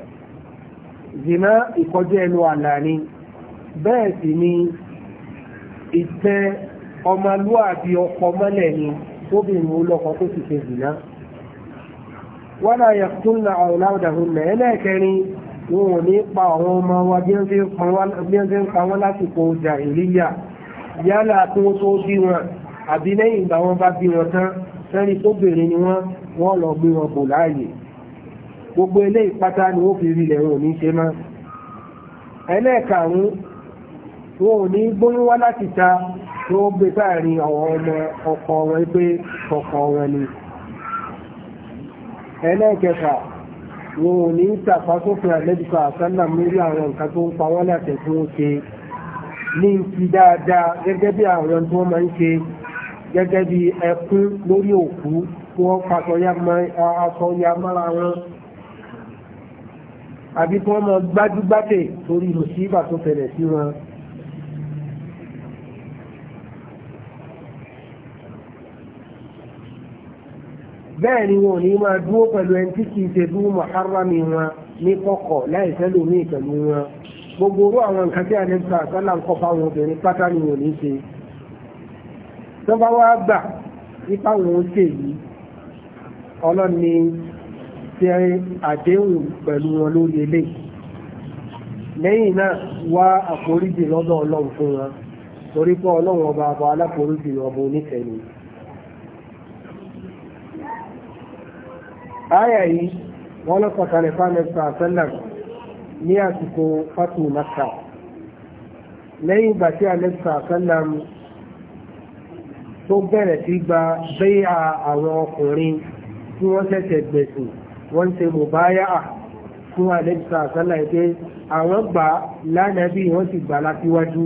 zìnà ìkọjú ẹnu àlà ni bẹ́ẹ̀ sì ni ìtẹ ọmọlúwàbí ọkọ mọ́lẹ̀ ni tóbi ìmú tó sì ṣe wọ́n náà yẹ tún na ọ̀làdàhùn nà ẹlẹ́ẹ̀kẹrin wọn ò ní pa àwọn ọmọ wa bí wọ́n ṣe ń pa wọ́n lásìkò jàhìlíyà yálà tí wọ́n tó bí wọn àbí lẹ́yìn ìgbà wọn bá bí wọn tán sẹ́ni tó bèèrè ni wọ́n wọ́n lọ gbé wọn bò láàyè gbogbo ilé ìpátá ni ó fi rí ilẹ̀ wọn ò ní ṣe mọ́ ẹlẹ́ẹ̀karùn wọn ò ní gbóyún wá láti ta tó gbé sáàrin àwọn ọmọ ọkọ wọn pé ọkọ wọn ni ẹlẹ́ẹ̀kẹta wọn ò ní tàfásófin àlẹ́bìkọ àsálà lórí àwọn nǹkan tó ń pa wọ́n láti tó ń ṣe ní ti dáadáa gẹ́gẹ́ bí àwọn tí máa ń ṣe gẹ́gẹ́ bí ẹkún lórí òkú wọ́n pàṣọ mọ́ra wọn bẹ́ẹ̀ ni wọn ò ní máa dúró pẹ̀lú ẹni tí kìí ṣe dúró mọ̀hárami wọn ní kọ́kọ̀ láì fẹ́ lómi pẹ̀lú wọn gbogbo orú àwọn nǹkan tí àlẹ́ sọ àtọ́là ń kọ́ fáwọn obìnrin pátá ni wọn ò ní ṣe tó bá wá gbà nípa wọn ó ṣe yìí ọlọ́ni àdéhùn pẹ̀lú wọn lórí eléyìí lẹ́yìn náà wá àforíjì lọ́dọ̀ ọlọ́run áyà yìí wọ́n lọ sọ̀kalẹ̀ fáàmẹ́sà àtẹ́lẹ̀ ní àsìkò fatu maka lẹ́yìn ìgbà tí àlẹ́sà àtẹ́lẹ̀ tó bẹ̀rẹ̀ sí gba bẹ́yà àwọn ọkùnrin tí wọ́n ṣẹ̀ṣẹ̀ gbẹ̀sìn wọ́n ṣe mùbáyà fún àlẹ́sà àtẹ́lẹ̀ pé àwọn gbà lánàbí wọ́n sì gbà látíwájú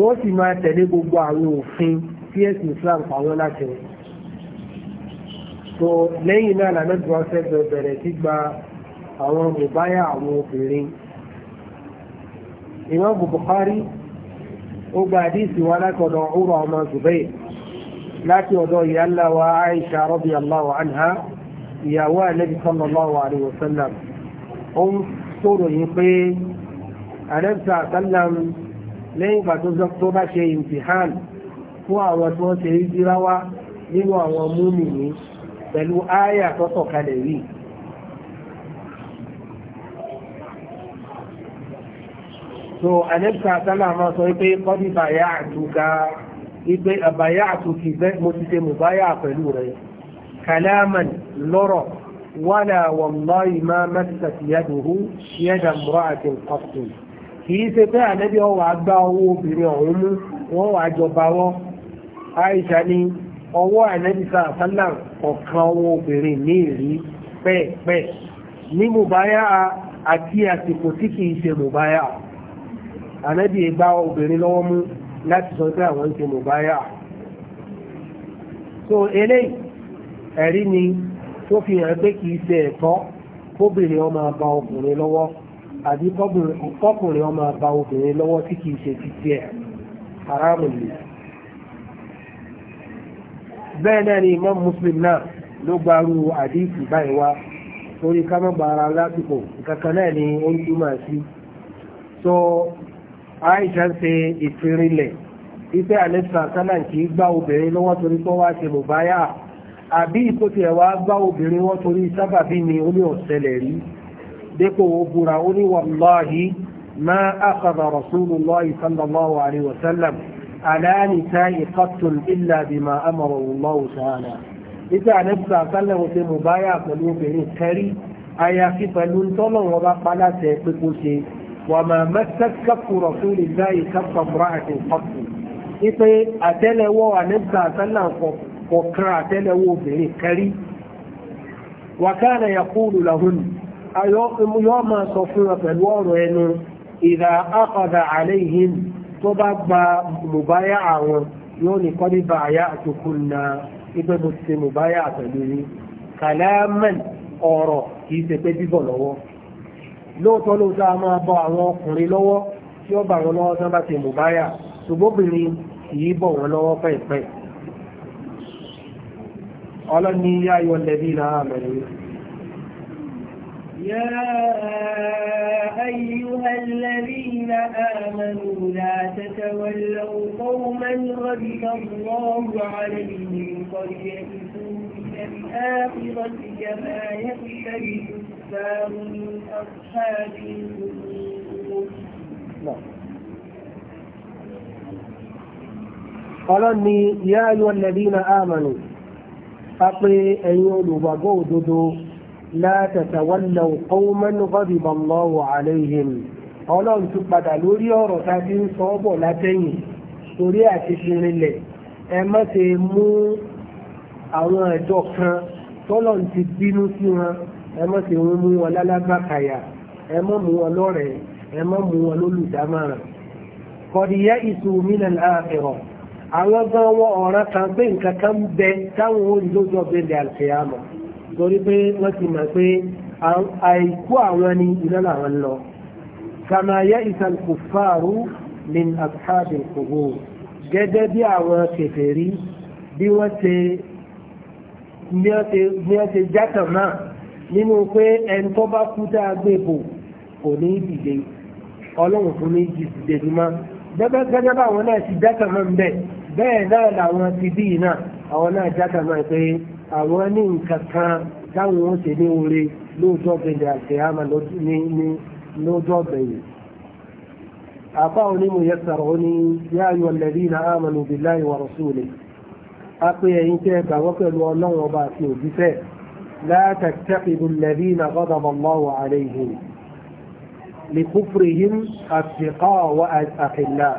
wọ́n sì máa tẹ̀lé gbogbo àwọn òfin tí ẹ̀sìn Islam pàwọn láti rẹ̀ so lẹ́yìn náà lànàdùn ọ̀sẹ̀ bẹ̀rẹ̀ sí gba àwọn mùbáyà àwọn obìnrin Imam Bukhari ó gba àdísì wa látọ̀dọ̀ Urwa ọmọ Zubayr láti ọ̀dọ̀ ìyálà wa Aisha radiyallahu anha ìyàwó Ànábì sallallahu alaihi wa sallam ó ń sọ̀rọ̀ yìí pé àlẹ́bìsà sallam lẹ́yìn ìgbà tó bá ṣe imtihan fún àwọn tí wọ́n ṣe rí díráwá nínú àwọn múmi yìí pẹ̀lú ááyà tó sọ̀kalẹ̀ rí so anẹ́bùsà sálà máa sọ wípé kọ́bí bàyá àtúgá wípé àbáyá àtúkì bẹ́ mo ti ṣe mùbáyà pẹ̀lú rẹ̀ kalaman lọ́rọ̀ wàlà wàlláhì máa mẹ́ta ti yàdùhú yàdà mùrọ̀ àti ọ̀tún kìí ṣe pé ànẹ́bí ọwọ́ àgbà owó obìnrin ọ̀hún mú wọ́n wà jọba wọn Aisha ni ọwọ́ ànẹ́bísà àfálà ọ̀kan ọwọ́ obìnrin ní ìrí pẹ́ẹ̀pẹ́ ní mùbáyá àti àsìkò tí kìí ṣe mùbáyá ànẹ́bí gba obìnrin lọ́wọ́ mú láti sọ pé àwọn ṣe mùbáyá so eléyìí ẹ̀rí ni tó fi hàn pé kìí ṣe ẹ̀tọ́ kóbìnrin ọmọ àbá obìnrin lọ́wọ́ àbí kọkùnrin ọmọ àbá obìnrin lọ́wọ́ tí kìí ṣe títí ẹ̀ haramu nìyẹn bẹ́ẹ̀ náà ni imam muslim náà ló gbarú àdíìsì báyìí wá torí ká má gbára lásìkò ìkankan náà ni ó ń túmọ̀ sí so aisha ṣe ìfirinlẹ̀ iṣẹ́ alẹ́sà kánà kì í gbá obìnrin lọ́wọ́ torí pé wá ṣe mùbáyà àbí ipò tí ẹ̀wà gbá obìnrin wọ́n torí sábàbí ni ó ní ọ̀sẹ̀lẹ̀ rí dépò ó búra ó ní wàláhì ma akhadha rasulullahi sallallahu alaihi على نساء قتل إلا بما أمره الله تعالى إذا نبقى صلى وتمبايع قلوب الكري أياكي فلنطل وبقى لا وما مست كف رسول الله كف امرأة قط إذا أتلو ونبقى صلى وقرأ أتلو بالكري وكان يقول لهن يوم صفوة الوار إذا أخذ عليهم tó bá gba mùbáyà àwọn yóò ní kọ́ ní bàyà àtòkùn na ibẹ̀ mo ti ṣe mùbáyà àtẹ̀lé rí kàlámẹ́n ọ̀rọ̀ kìí ṣe pé bíbọ̀ lọ́wọ́ lóòótọ́ lóòótọ́ a máa bọ àwọn ọkùnrin lọ́wọ́ tí ó bà wọn lọ́wọ́ tán bá ṣe mùbáyà يا أيها الذين آمنوا لا تتولوا قوما غضب الله عليهم قد يئسوا من الآخرة كما يئس الكفار من أصحاب Ọlọ́run ni yáyọ̀ lẹ́bí na ámànù, a pé ẹ̀yin olùgbàgbọ́ òdodo لا تتولوا قوما غضب الله عليهم ọlọ́run tún padà lórí ọ̀rọ̀ ta fi ń sọ ọ́bọ̀ látẹ̀yìn torí àti fi rinlẹ̀ ẹ má ṣe mú àwọn ẹ̀dọ́ kan tọ́lọ́run ti bínú sí wọn ẹ má ṣe wọn mú wọn lálágbàkàyà ẹ má mú wọn lọ́rẹ̀ẹ́ ẹ má mú wọn lólùdámọ̀ràn kọ̀dìyà ìsúnmínà àfẹ̀rọ̀ àwọn gan wọn ọ̀ràn kan pé nǹkan kan bẹ táwọn olùdókòó bẹ̀rẹ̀ àlùfẹ́ àmọ́ torí pé wọ́n ti mọ̀ pé àìkú àwọn ni iná làwọn ń lọ kàmá yẹ ìsàlùkùfààrù min ashabil qubur gẹ́gẹ́ bí àwọn kèfèrí bí wọ́n ṣe ní wọ́n ṣe játọ̀ náà nínú pé ẹni tó bá kú tá a gbé bò kò ní dìde ọlọ́run fún ní dìde bí má gẹ́gẹ́ bá àwọn náà ti játọ̀ náà ń bẹ̀ bẹ́ẹ̀ náà làwọn ti bí náà àwọn náà játọ̀ náà pé àwọn ní nǹkan kan táwọn ó ṣe ní oore lóòjọ́ gbẹ̀dẹ̀ àti àmà lóòjọ́ gbẹ̀yìn أعطاني ميسرني يا أيها الذين آمنوا بالله ورسوله أقي إنتهك وقل والله وباكي بفاء لا تتخذوا الذين غضب الله عليهم لكفرهم أصدقاء وأخلاء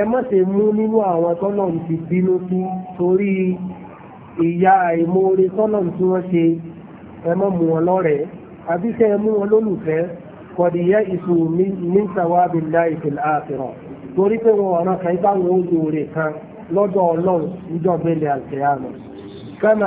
أما سموني وأوطلهم في الدين في سوري ìyá àìmoore sọ́nà tí wọ́n ṣe ẹ má mú wọn lọ́rẹ̀ẹ́ àbí kẹ́ ẹ mú wọn lólùfẹ́ kọ̀dìyẹ ìṣù min sawabillahi fil akhirah torí pé wọn ọ̀nà kan bá wọn ó lóore kan lọ́dọ̀ ọlọ́run níjọ́gbẹ́lẹ̀ àlùkìyàmọ̀ kama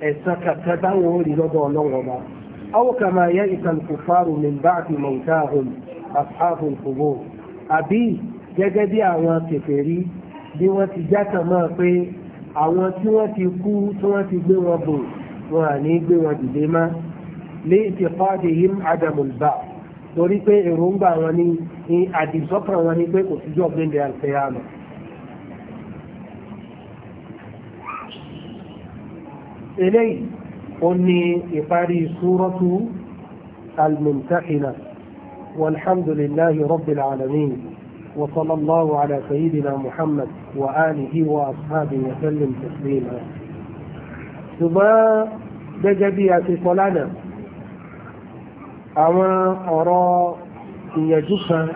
ẹ̀sán kankan táwọn ò rí lọ́dọ̀ ọlọ́run ọba aw kama ya'isa al-kuffaru min ba'di mawtahum ashabul qubur àbí gẹ́gẹ́ bí àwọn kèfèrí bí wọ́n ti jákà máa pé àwọn tí wọ́n ti kú tí wọ́n ti gbé wọn bò wọn à ní gbé wọn dìde má lé i'tiqadihim adamul ba'th torí pé èròǹgbà wọn ni àdìsọ́kàn wọn ni pé kò síjọ́ gbẹ̀ndẹ̀ àlùkìyámà eléyìí ó ní ìparí súrọ́tù al-mumtahina walhamdulillahi rabbil alamin wa sallallahu ala sayyidina muhammad wa alihi wa ashabi wa sallim taslima ṣùgbọ́n gẹ́gẹ́ bí a ti sọ lánàá àwọn ọ̀rọ̀ ìyẹ̀jú kan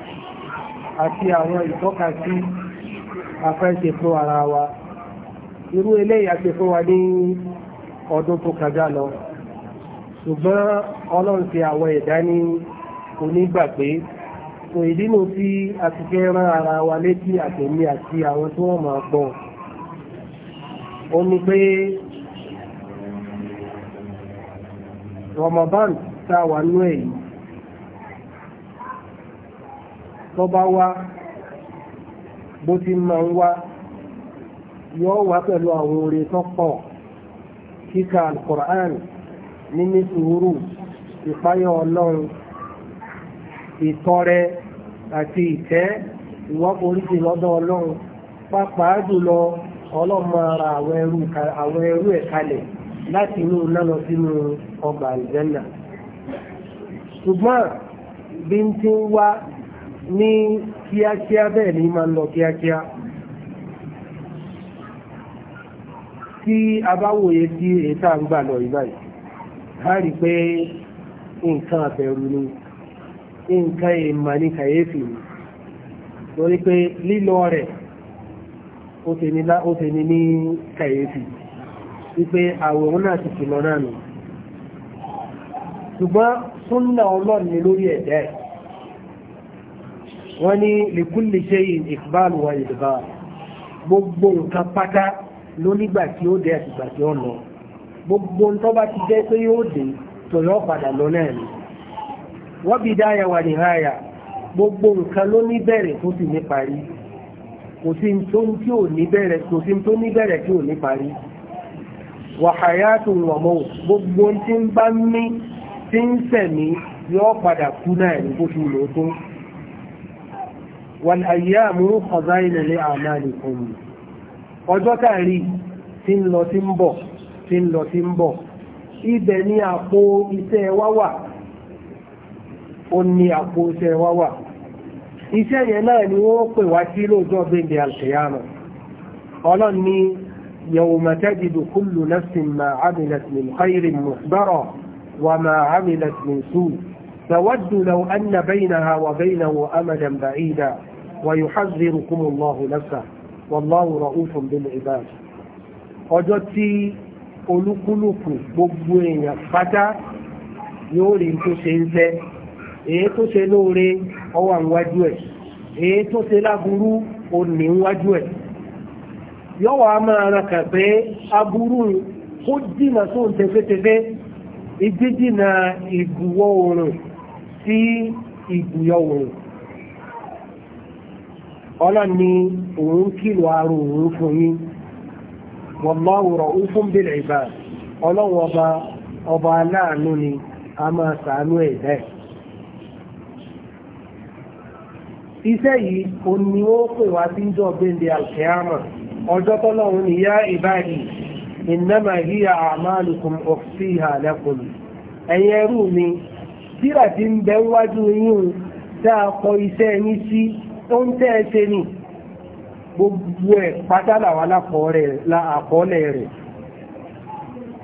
àti àwọn ìtọ́kasí afẹ́ṣe fún ara wa irú eléyìí a ti fún wa ní ọdún tó kọjá lọ ṣùgbọ́n ọlọ́run ti àwọn ẹ̀dá ní onígbàgbé kò ìdínú tí a ti fẹ́ rán ara wa létí àtẹ̀mí àti àwọn tí wọ́n máa gbọ́ ó pé Ramadan tá wà nú tó bá wá bó ti máa ń wá yóò wá pẹ̀lú àwọn oore tó pọ̀ kíkà alukur'an níní sùúrù ìpáyọ̀ ọlọ́run ìtọrẹ àti ìtẹ́ ìwọ́poríṣi lọ́dọ̀ ọlọ́run pàápàá jùlọ ọlọ́mọ àwọn ẹrú ẹ̀ láti inú iná sínú ọgbà ṣùgbọ́n bí ti tí a bá wòye sí ètà ń gbà lọ ìbáyìí a rí pé nǹkan àbẹ̀rù ni nǹkan èèmà ní kàyéfì ni torí pé lílọ rẹ̀ ó ṣe ní ní kàyéfì wípé àwòrán náà ti kìlọ náà nù ṣùgbọ́n súnnà ọlọ́run ni lórí ẹ̀dá wọ́n ní lèkúlè ṣe ìgbàlùwà ìdìbà gbogbo nǹkan pátá lónígbà tí ó dé àtìgbà tí ó lọ gbogbo tó bá ti jẹ́ pé yóò dé tó yọ padà lọ náà ni wọ́n bí dáyà wà ní háyà gbogbo nǹkan ló ní bẹ̀rẹ̀ tó sì ní parí kò sí tó tí ò ní tó ní bẹ̀rẹ̀ tí ò ní parí wà tó wà mọ́ gbogbo tí ń bá mí tí ń sẹ̀mí yọ padà kú náà ní bó ti lò tó wal ayyamu khazainu li a'malikum ọjọ́ tààrí tí ń lọ tí ń bọ̀ tí ń lọ tí ń bọ̀ ibẹ̀ ni àpò iṣẹ́ wa wà ó ní àpò iṣẹ́ wa wà iṣẹ́ yẹn náà ni wọ́n pè wá sí lóòjọ́ bẹ́ndẹ̀ alkiyama ọlọ́n ni yawma tajidu kullu nafsin ma لو أن بينها وبينه أمدا بعيدا ويحذركم الله نفسه Ọ ra'ufun bil ọjọ́ tí olúkúlùkù gbogbo èèyàn pátá yóò rí tó ṣe ń fẹ́ èyí tó ṣe lóore ọwà níwájú ẹ̀ èyí tó ṣe láburú ò ní níwájú ẹ̀ yọ́wọ́ a máa ra kà pé aburú kó dìnà tó ń tẹfẹ́tẹfẹ́ ìdídìnà ìbùwọ̀ oòrùn sí ìbùyọ̀ oòrùn ọlọ́n ni òun kìlọ̀ àrò òun fún yín wallahu ra'ufun bil ibad ọba ọba aláàánú ni a máa ṣàánú ẹ̀dá ẹ̀ iṣẹ́ yìí o ni ó pè wá sí ìjọ gbẹ̀ndẹ̀ alkiyama ọjọ́ tọ́lọ́run ni yá ìbáàdì innama hiya a'malukum ukhfiha lakum ẹ̀yin ẹrú mi tíra ń wájú tá a ń tẹ́ ẹ ṣe ni gbogbo ẹ̀ pátá làwọn alákọ̀ọ́lẹ̀ rẹ̀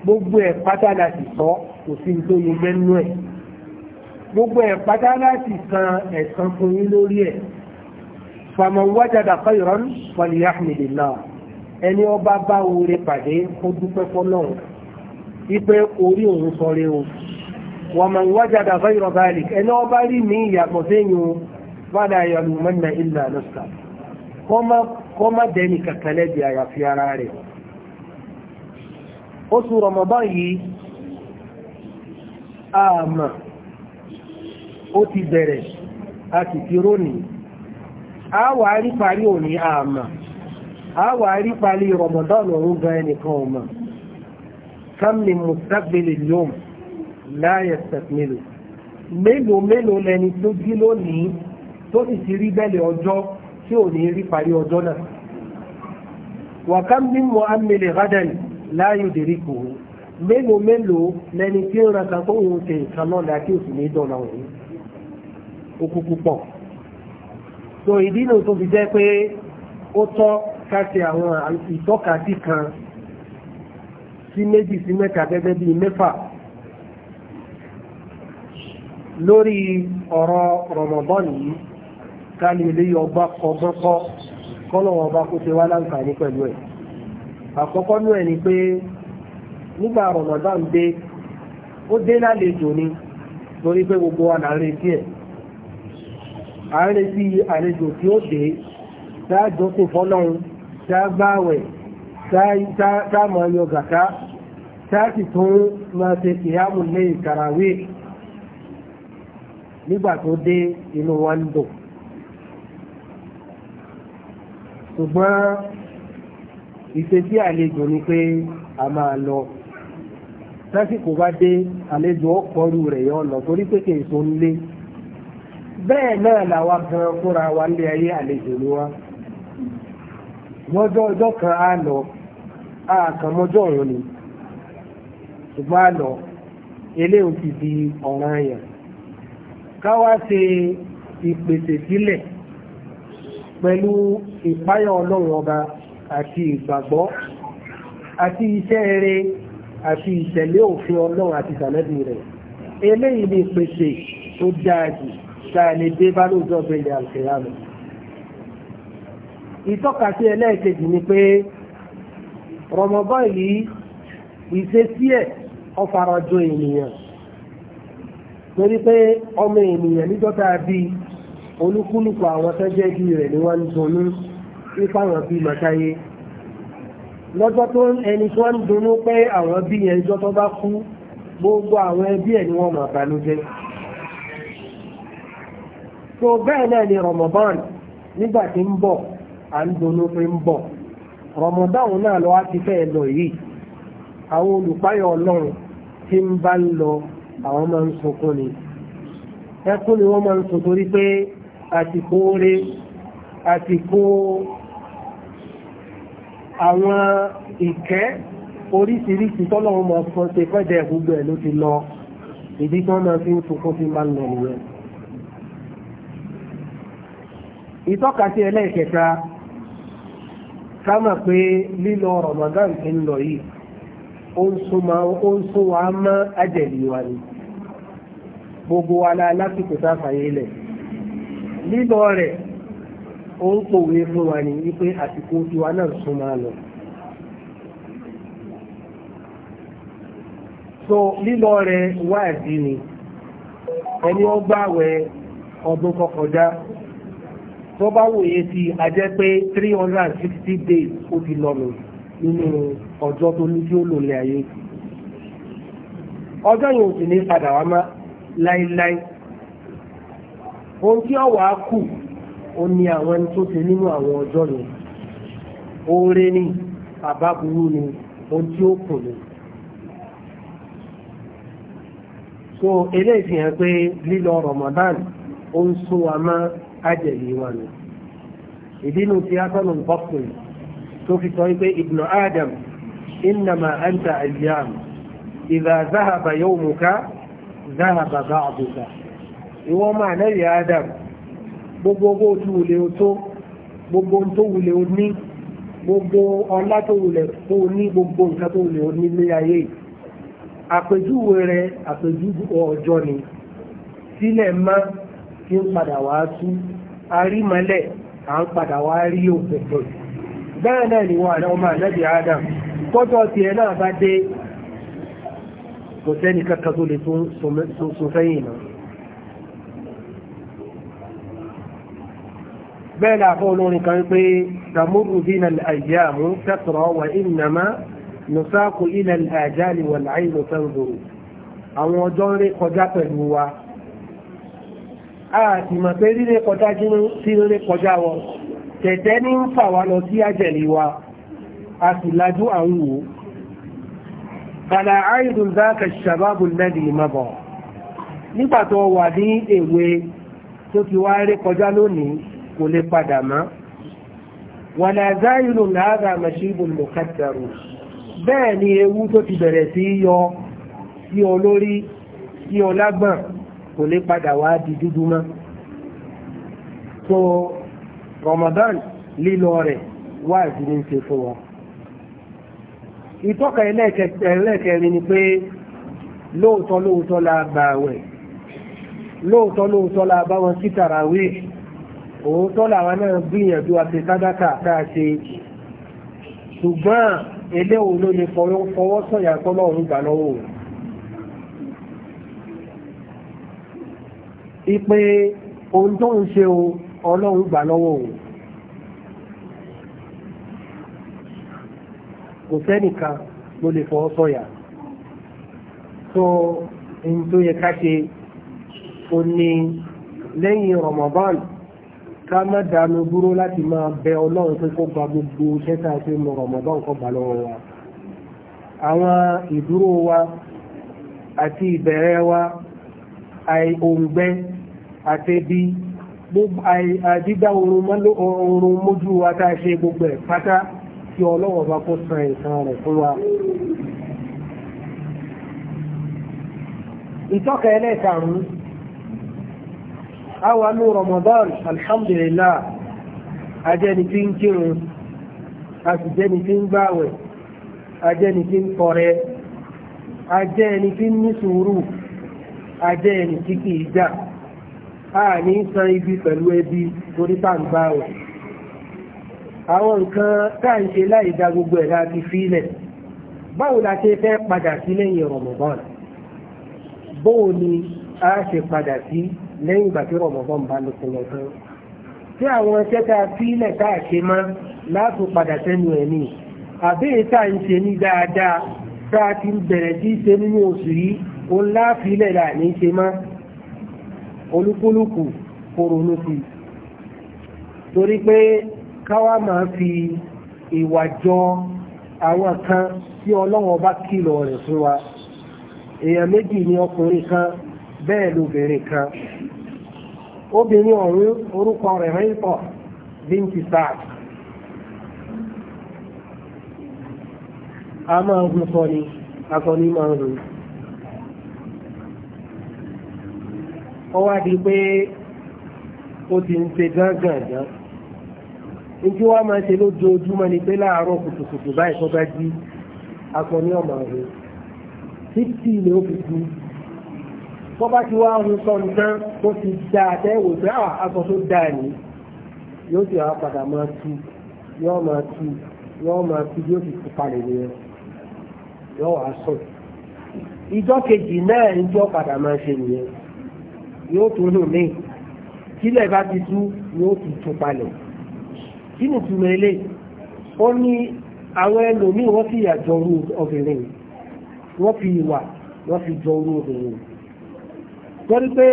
gbogbo ẹ̀ pátá láti sọ kò sí tó yẹ mẹ́nu ẹ̀ gbogbo ẹ̀ pátá láti san ẹ̀san fún yín lórí ẹ̀ faman wajada khayran falyahmidillah ẹni ọba bá oore pàdé kó dúpẹ́ fọ́lọ́run mi ìyàtọ̀ sẹ́yìn fàdà yaluman na illa nafsa kó má dẹni kankan lẹ́bi àyàfi ara rẹ̀ oṣù Ramadan yìí àmà ó ti bẹ̀rẹ̀ a sì ti rónì a wà rí parí òní àmà a wà rí parí Ramadan òun gan ẹnìkan ọmọ kam min mustaqbil al-yawm la yastakmilu mélòó mélòó lẹni tó jí lónìí tó sì ti rí bẹ́lẹ̀ ọjọ́ tí ò ní rí parí ọjọ́ náà wàkà mímọ amílẹ̀ rádàn láàyò dèrí kò ó mélòó mélòó lẹni tí ń ranka tó ń ṣe nǹkan náà láti òsì ní dọ̀nà òun ó kú púpọ̀ so ìdí nù tó fi jẹ́ pé ó tọ́ ká ṣe àwọn ìtọ́kasí kan sí méjì sí mẹ́ta gẹ́gẹ́ bíi mẹ́fà lórí ọ̀rọ̀ rọ̀mọ̀bọ́n yìí káni ilé ọba kọgbọ́kọ́ kọ́lọ̀wọ̀n ọba kó ṣe wá láǹfààní pẹ̀lú ẹ̀ àkọ́kọ́ ní ẹ̀ ni pé nígbà Ramadan dé ó dé lálejò ni torí pé gbogbo wa là ń ẹ̀ ń retí àlejò tí ó dé dáàjọ́ sí fọ́lọ́run dáàgbàwẹ̀ máa ṣe lẹ́yìn kàràwé nígbà tó dé inú wa ṣùgbọ́n ìṣe tí àlejò ni pé a máa lọ lásìkò bá dé àlejò ọkọ̀ọ̀rù rẹ̀ yọ lọ torí pé kìí so ń lé bẹ́ẹ̀ náà làwa gan fúnra wa lé ayé àlejò ni wá lọ́jọ́ ọjọ́ kan á lọ á kàn mọ́jọ́ òun ni ṣùgbọ́n á lọ eléyìí ti di ọ̀ràn yẹn ká wá ṣe ìpèsè sílẹ̀. Si pẹ̀lú ìpáyà ọlọ́run ọba àti ìgbàgbọ́ àti iṣẹ́ eré àti ìtẹ̀lé òfin ọlọ́run àti ìtànẹ́bì rẹ̀ eléyìí ni ìpèsè tó dáa jù dáa lè dé bá lóòjọ́ bẹ̀rẹ̀ àlùkẹ́yàmù ìtọ́kasí ẹlẹ́ẹ̀kejì ni pé rọmọbọ́ yìí ìṣesí ẹ̀ ọfarajọ ènìyàn torí pé ọmọ ènìyàn níjọ́ta bíi olúkúlùkù àwọn tó bí rẹ̀ ni wọ́n ń dunnú nípa àwọn bí màtáyé lọ́jọ́ tó ẹni tó ń dunnú pé àwọn bí yẹn gbogbo àwọn ẹbí ẹ̀ ni wọ́n máa so bẹ́ẹ̀ náà ni Ramadan nígbà tí ń bọ̀ à ń dunnú pé ń bọ̀ Ramadan náà lọ́wọ́ ti fẹ́ lọ yìí àwọn olùpáyọ̀ ọlọ́run tí ń bá lọ àwọn máa ń sunkún ni ẹkún àti kó oore àti kó àwọn ìkẹ́ oríṣiríṣi tọ́lọ́run mọ̀ fún ṣe fẹ́dẹ̀ gbogbo ẹ̀ ló ti lọ ìdí tí wọ́n máa fi ń sunkún fi máa ń lọ nìyẹn. ìtọ́kasí ẹlẹ́ẹ̀kẹta ká mọ̀ pé lílọ Ramadan ti ń lọ yìí ó ń sún wa mọ́ ajẹ̀lì wa ni gbogbo wa lásìkò tá lẹ̀. lílọ rẹ̀ ó ń pòwe fún wa ní wípé àsìkò tiwa náà sún máa lọ. so lílọ rẹ̀ wáàdí ni ẹni ó gbàwẹ̀ ọdún kọkọjá tó bá wòye sí ajẹ́ pé three days ó fi lọ́nu nínú ọjọ́ tó ní tí ó lò ayé ọjọ́ yìí ò sì ní ohun tí ọwọ́ á kù ó ní àwọn ẹni tó ṣe nínú àwọn ọjọ́ yẹn oore ni àbábúrú ni ohun tí ó kù ni. so eléyìí fi hàn pé lílọ Ramadan ó ń sún wa mọ́ ájẹ̀lì wa ni ìdínú tí a bọ́kùnrin tó fi sọ pé ibnu Adam innama anta ayyam idha zahaba yawmuka zahaba ba'duka. ìwọ́n máa nẹ́rì adam gbogbo owó tó wulẹ̀ tó gbogbo tó wulẹ̀ ní gbogbo ọlá tó tó ní gbogbo nǹkan tó wulẹ̀ ní ní ayé àpèjúwe rẹ àpèjúwe ọjọ́ ni sílẹ̀ má tí ń padà wá tú à ń padà wá rí òpópó bẹ́ẹ̀ náà ni wọ́n ọmọ ànábì adam kọ́tọ̀ tiẹ̀ náà bá dé kò sẹ́ni tó lè tún sọ bẹ́ẹ̀ làfọ́ olórin kan pé ramuru dina al'ayyamu tẹ́tọ̀rọ̀ wà ìnàmá nùsáàkù ilẹ̀ àjáàlì wà láìlò tẹ́rù àwọn ọjọ́ ń rí kọjá pẹ̀lú wa àti mọ̀ pé rírí kọjá sí rírí kọjá wọ tẹ̀tẹ́ ní ń fà wá lọ sí àjẹ̀lì wa a sì lajú àwọn wò fàlà àìdùn dákà ṣàbábùn lẹ́dì mọ́bọ̀ nígbà wà ní èwe tó ti wá rí kọjá lónìí kò lè padà mọ́ wàlá záìlù láàrá màṣíbù mọ̀kátàrù bẹ́ẹ̀ ni ewu tó ti bẹ̀rẹ̀ sí yọ sí ọ sí ọ kò lè padà wá di dúdú mọ́ so Ramadan lílọ rẹ̀ wá ìdílé ń ṣe fún wọn ìtọ́ka ẹlẹ́ẹ̀kẹrin ni pé lóòótọ́ lóòótọ́ la gbà wẹ̀ lóòótọ́ lóòótọ́ la bá wọn sí tàràwíì òótọ́ làwọn náà gbìyànjú àti sádàkà tá ṣùgbọ́n eléwòó ló lè fọwọ́ sọ̀yà tọ́lọ́run gbà lọ́wọ́ òun ohun tó ń ṣe ọlọ́run gbà lọ́wọ́ kò sẹ́nìkan ló lè fọ́ sọ́yà tó ohun tó yẹ ká ṣe lẹ́yìn Ramadan ká má dànù dúró láti máa bẹ ọlọ́run pé kó gba gbogbo iṣẹ́ tá a ṣe mọ Ramadan kó gbà lọ́wọ́ wa àwọn ìdúró wa àti ìbẹ̀rẹ̀ wa àìhòǹgbẹ́ àtẹ̀bí àdídá oorun mójú wa tá ṣe gbogbo ẹ̀ pátá kí ọlọ́wọ́ bá kó san ìsan rẹ̀ fún wa. ìtọ́ka àwa ní Ramadan alhamdulillah ajẹ́ni tí ń kírun àtijẹ́ni tí ń gbàwẹ̀ ajẹ́ni tí ń kọrẹ ajẹ́ni tí ń ní sùúrù ajẹ́ni tí kìí jà a ní san ibi pẹ̀lú ẹbí torí tá ń gbàwẹ̀ àwọn nǹkan táà ń ṣe láì dá gbogbo ẹ̀ láti fílẹ̀ báwo la ṣe fẹ́ padà sí lẹ́yìn Ramadan bóò ni a ṣe padà sí lẹ́yìn ìgbà tí rọ̀mọ̀bọ́n bá lè kó lọ tán tí àwọn ẹṣẹ́ tá a fi ilẹ̀ tá a ṣe mọ́ láti padà sẹ́nu ẹ̀ ní àbẹ́yẹ tá a ń ṣe ní dáadáa tá a ti bẹ̀rẹ̀ sí ṣe nínú oṣù yìí ó ń láàfin ilẹ̀ là ní ṣe mọ́ olúkúlùkù koronú sí torí pé káwá máa fi ìwà jọ àwọn kan tí ọlọ́wọ́ bá kìlọ̀ rẹ̀ fún wa èèyàn méjì ni ọkùnrin kan bẹ́ẹ̀ lóbìnrin kan obìnrin ọ̀run orúkọ rẹ̀ rẹ́ńtọ̀ bíntì sáà a máa ń hun sọ ni aṣọ ni máa ń hun ó wá di pé ó ti ń ṣe gángangan njú wa máa ṣe lójoojúmọ́ ni pé láàárọ̀ kùtùkùtù báyìí tó bá jí aṣọ ni ọ̀mà rẹ̀ títí ilé ó fi kú tó bá ti wá ohun sọ nǹkan tó ti dá àtẹ́wò pé àwọn ah, aṣọ tó dá ní yóò sì wá padà máa tu yóò máa tu yóò máa tu yóò sì tu palẹ̀ nìyẹn yóò wá sọ ìjọ kejì náà ìjọ padà máa ṣe nìyẹn yóò tún nù mí tílẹ̀ bá ti tú yóò ti tu palẹ̀ kí ni túmọ̀ eléyìí ó ní àwọn ẹlòmíì wọ́n fi ìyà orú obìnrin wọ́n fi ìwà wọ́n fi jọ orú obìnrin torí pé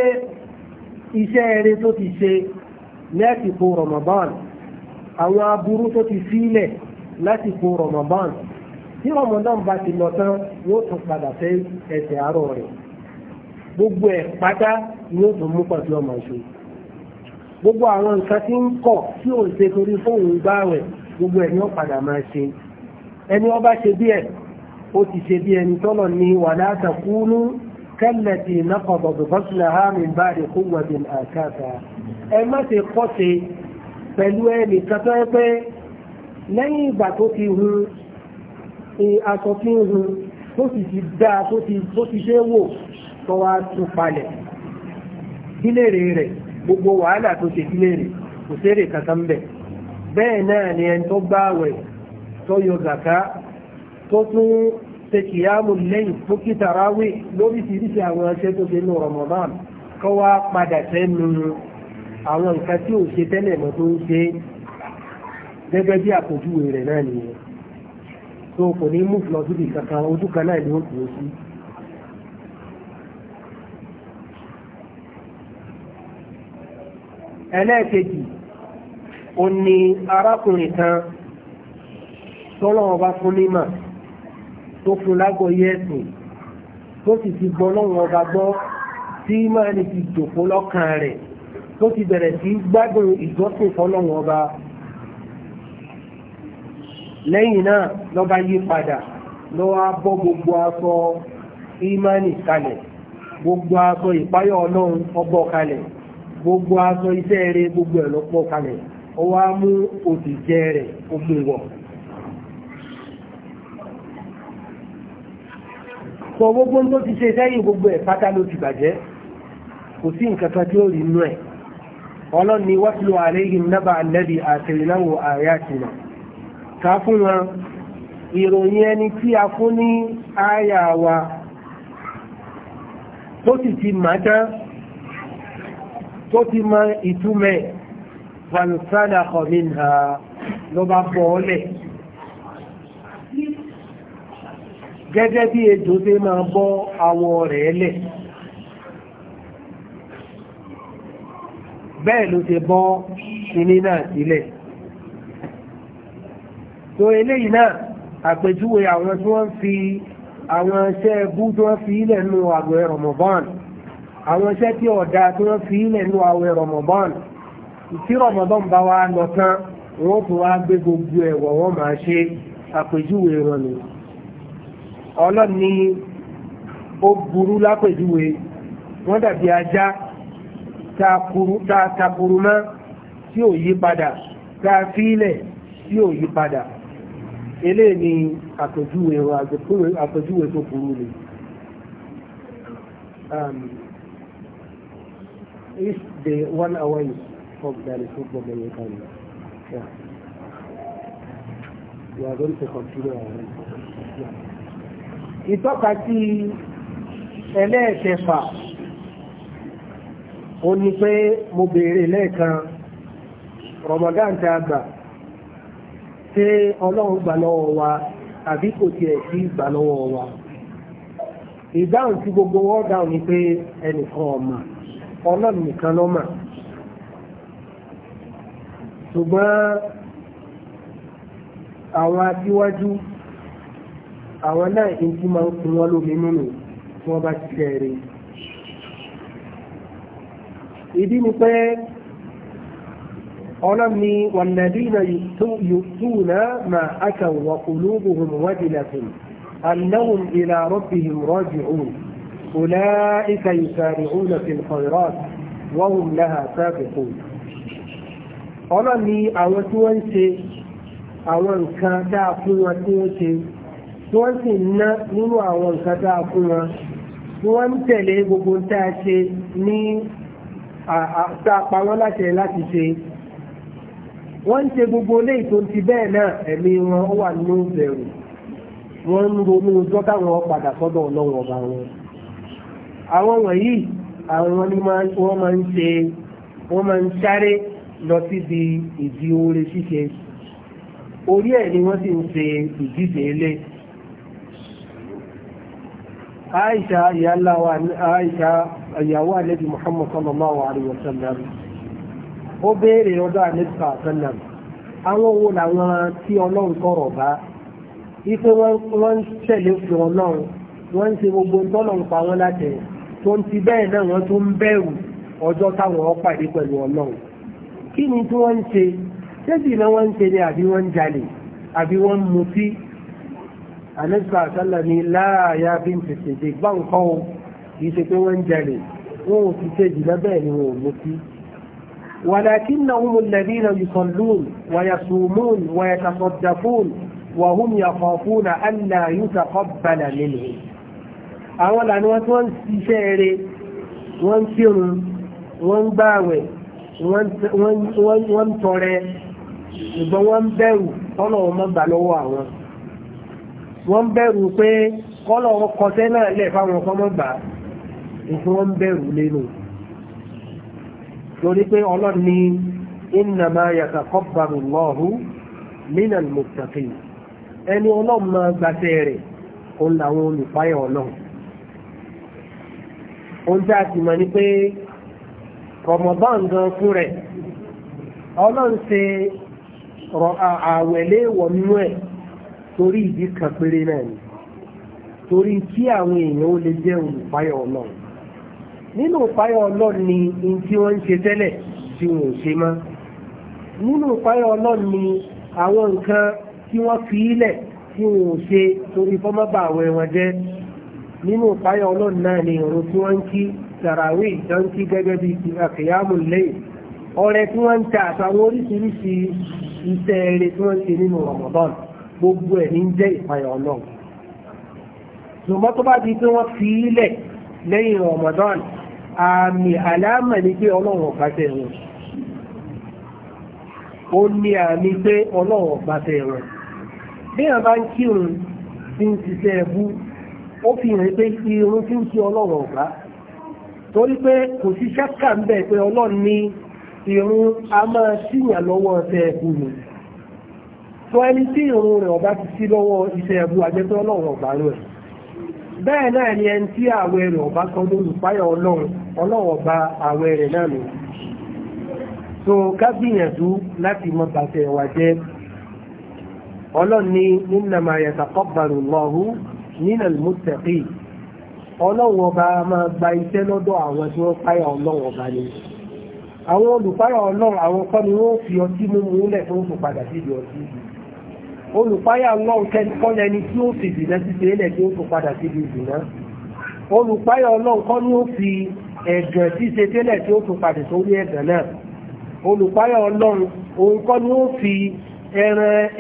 iṣẹ́ eré tó ti ṣe lásìkò Ramadan àwọn aburú tó ti sílẹ̀ lásìkò Ramadan tí Ramadan bá ti lọ tán yóò tún padà fẹ́ ẹsẹ̀ àárọ̀ rẹ̀ gbogbo ẹ̀ pátá yóò tún mú pàtó ọmọ ìṣe gbogbo àwọn nǹkan tí ń kọ̀ tí ò ń ṣe torí fóònù gbá rẹ̀ gbogbo ẹ̀ ni ó padà máa ṣe ẹni ọba ṣe bí ẹ̀ ó ti ṣe bí ẹni tọ́lọ̀ ní wàdà àtàkùnú كالتي نقضت غسلها من بعد قوة آكافها أما تقصي فالوالي كتابة لن يبطوكيه أتوكيه تسي جدا تسي جيو توا تفالي ilé rẹ̀ gbogbo wàhálà tó ṣe ilé rẹ̀ kò sẹ́rẹ̀ kankan bẹ̀ bẹ́ẹ̀ náà ni ẹni tó gbáwẹ̀ tó yọ zàká tó tún ṣe kìyàmù lẹ́yìn fún kìtàráwé lóríṣiríṣi àwọn ẹṣẹ́ tó ṣe ní Ramadan kọ́ wá padà sẹ́nu àwọn nǹkan tí ò ṣe tẹ́lẹ̀ mọ́ tó ń ṣe gẹ́gẹ́ bí àpòjúwe rẹ̀ náà nìyẹn tó kò ní mú lọ síbi kankan ojú kan náà ni ó kù ó sí. ẹlẹ́ẹ̀kejì ó ní arákùnrin kan tọ́lọ́wọ́ bá fún nímọ̀ tó fún lágbọ́yé ẹ̀sìn tó sì ti gbọ́ lọ́wọ́ ọba gbọ́ tí ìmánì ti jòkó lọ́kàn rẹ̀ tó ti bẹ̀rẹ̀ sí gbádùn ìjọsìn fọlọ́wọ́ ọba lẹ́yìn náà lọ́ba yí padà bọ́ gbogbo aṣọ ìmánì kalẹ̀ gbogbo aṣọ ìpáyọ̀ ọlọ́run kalẹ̀ gbogbo aṣọ iṣẹ́ gbogbo ẹ̀ lọ́pọ̀ kalẹ̀ ọwọ́ á mú òtìjẹ́ rẹ̀ sọ gbogbo tó ti ṣe sẹ́yìn gbogbo ẹ̀ pátá ló ti bàjẹ́ kò sí nǹkan kan tí ó rí inú ẹ̀ ọlọ́run ni watlu alayhim naba alladhi atainahu ayatina ká fún wọn ìròyìn ẹni tí a fún ní àyà wa tó sì ti máa tán tó ti mọ ìtumẹ̀ fansalakha minha ló bá bọ́ ọ́lẹ̀ gẹ́gẹ́ bí ejò ṣe máa bọ́ awọ rẹ̀ lẹ̀ bẹ́ẹ̀ ló ṣe bọ́ kìíní náà sílẹ̀ tó eléyìí náà àpèjúwe àwọn tí wọ́n fi àwọn iṣẹ́ ẹbú tí wọ́n fi ilẹ̀ nù àwẹ̀ Ramadan àwọn iṣẹ́ tí ọ̀dá tí wọ́n fi ilẹ̀ nù àwẹ̀ Ramadan tí Ramadan bá wá lọ tán wọ́n tún wá gbé gbogbo ẹ̀wọ̀ wọ́n máa ṣe àpèjúwe wọn nìyí ọlọ́run ní ó burú lápèjúwe wọ́n dàbí ajá takuru mọ́ tí ò yí padà tá a fílẹ̀ tí ò yí padà eléyìí ni àpèjúwe wọn àpèjúwe tó burú ni um, if the one away is the football game. yeah. We are going to continue our yeah ìtọ́ka sí ẹlẹ́ẹ̀kẹfà ó ní pé mo béèrè lẹ́ẹ̀kan Ramadan tí a gbà ṣé ọlọ́run gbà lọ́wọ́ wa àbí kò tiẹ̀ sí gbà lọ́wọ́ wa ìdáhùn tí gbogbo wọ́n dáhùn ni pé ẹnìkan ọ̀mà ọlọ́run nìkan lọ́mà ṣùgbọ́n àwọn aṣíwájú àwọn náà ń tí máa ń fún wọn lómi nínú tí wọ́n bá ti fẹ́ rí ìdí ni pé ọlọ́run ni wàlẹ́dínà yòókùnà máa aka wà olóògùn wájìlẹ̀kùn annahum ila rabbihim raji'un أولئك يسارعون في الخيرات وهم لها سابقون ọlọ́ni àwọn tí wọ́n ń ṣe àwọn nǹkan dáa fún wọn tí wọ́n ṣe tí wọ́n sì ń ná nínú àwọn nǹkan tá a fún wọn tí wọ́n ń tẹ̀lé gbogbo tá a ṣe ní tá a pa wọ́n láṣẹ láti ṣe wọ́n ń ṣe gbogbo léyìí tó ti bẹ́ẹ̀ náà ẹ̀mí wọn wà nínú bẹ̀rù wọ́n ń ronú dọ́kà wọn padà sọ́dọ̀ ọlọ́run ọba wọn àwọn wọ̀nyí àwọn ni wọ́n máa ń ṣe wọ́n máa ń sáré lọ síbi ìdí oore ṣíṣe orí ẹ̀ ni wọ́n sì ń ṣe ìdíje eléyìí aisha ìyálà wa aisha ìyàwó àlẹ́bí muhammad sallallahu alayhi wa sallam ó béèrè ọdọ́ àlẹ́bí sallam àwọn wo làwọn tí ọlọ́run sọ̀rọ̀ bá ife wọ́n ń tẹ̀lé òfin ọlọ́run wọ́n ń gbogbo tọ́lọ́run pa wọ́n láti tó ń ti bẹ́ẹ̀ náà wọ́n tún ń bẹ̀rù ọjọ́ táwọn pàdé pẹ̀lú ọlọ́run kí ni tí wọ́n ń ṣe ṣé jìnnà wọ́n ni àbí wọ́n ń jalè àbí wọ́n àlẹ́sà àtàlà ní láàyà bí n tètè dé gbá nǹkan o kì í ṣe pé wọ́n ń jalè wọn ò fi ṣe jìnnà bẹ́ẹ̀ ni wọn ò mutí. ولكنهم الذين يصلون ويصومون ويتصدقون وهم يخافون ألا يتقبل منهم àwọn lànà wọn tí wọ́n ṣiṣẹ́ eré wọ́n kírun wọ́n gbààwẹ̀ wọ́n tọrẹ ṣùgbọ́n wọ́n bẹ̀rù ọlọ́run má wọ́n bẹ̀rù pé kọ́lọ̀ wọn kọsẹ́ náà lẹ̀ fáwọn ọkọ̀ mọ́ gbà nǹkan wọ́n bẹ̀rù lẹ́nu lórí pé ọlọ́run ní innama yataqabbalu Allahu minal muttaqin ẹni ọlọ́run máa gbàṣẹ́ rẹ̀ òun làwọn olùpáyà ọlọ́run ọlọ́run ṣe àwẹ̀lé wọ̀ nínú ẹ̀ torí ìdí kan péré náà ni torí kí àwọn èèyàn ó lè jẹ́ olùpáyọ̀ ọlọ́run nínú ìpáyọ̀ ọlọ́run ni in tí wọ́n ń ṣe tẹ́lẹ̀ tí wọ́n ò ṣe mọ́ nínú ìpáyọ̀ ọlọ́run ni àwọn nǹkan tí wọ́n fi ilẹ̀ tí wọ́n ò ṣe torí fọ́mọ́bà àwọn ẹ̀wọ̀n jẹ́ nínú ìpáyọ̀ ọlọ́run náà ni ìrun tí wọ́n ń kí tàràwé ìdánkí gẹ́gẹ́ bí àkèyàmù lẹ́yìn ọrẹ tí wọ́n ń ta àtàwọn oríṣiríṣi iṣẹ́ eré tí wọ́n ń ṣe nínú Ramadan gbogbo ẹ̀ ní jẹ́ ìpayà ọlọ́run ṣùgbọ́n tó bá di Ramadan àmì àlámà pé ọlọ́run tẹ̀ ó ní àmì pé ọlọ́run tẹ̀ bá ń kírun tí ń ṣiṣẹ́ ó fi hàn pé irun tí ń ṣe torí pé kò sí ṣáká ń bẹ̀ pé ọlọ́run ní irun a máa ṣìyàn lọ́wọ́ ọ̀sẹ̀ ẹ̀kú sọ ẹni tí ìrun rẹ̀ ọba ti sí lọ́wọ́ iṣẹ́ ẹ̀bù àjẹtọ́ ọlọ́run ọ̀gbà rẹ̀ bẹ́ẹ̀ náà ni ẹni tí àwẹ̀ rẹ̀ ọba kan lórí páyọ̀ ọlọ́run ọlọ́run ọba àwẹ̀ rẹ̀ náà nù so ká gbìyànjú láti mọ bàtẹ̀ wà jẹ́ ọlọ́run ní innama yataqabbalu Allahu minal muttaqin ọlọ́run ọba máa gba iṣẹ́ lọ́dọ̀ àwọn tí wọ́n páyà ọlọ́run ọba ni àwọn olùpáyà ọlọ́run àwọn kọ́ ni wọ́n fi ọtí mímu lẹ̀ tó ń fò padà sí ìdí ọtí yìí olùpáyà ọlọ́run kọ́ lẹni tí ó fi ìdìnà síse ilẹ̀ tí ó tó padà sí ibi ìdìnà olùpáyà ọlọ́run kọ́ ní ó fi ẹ̀gàn síse tẹ́lẹ̀ tí ó tó padà sórí ẹ̀gàn náà olùpáyà ọlọ́run òun kọ́ ní ó fi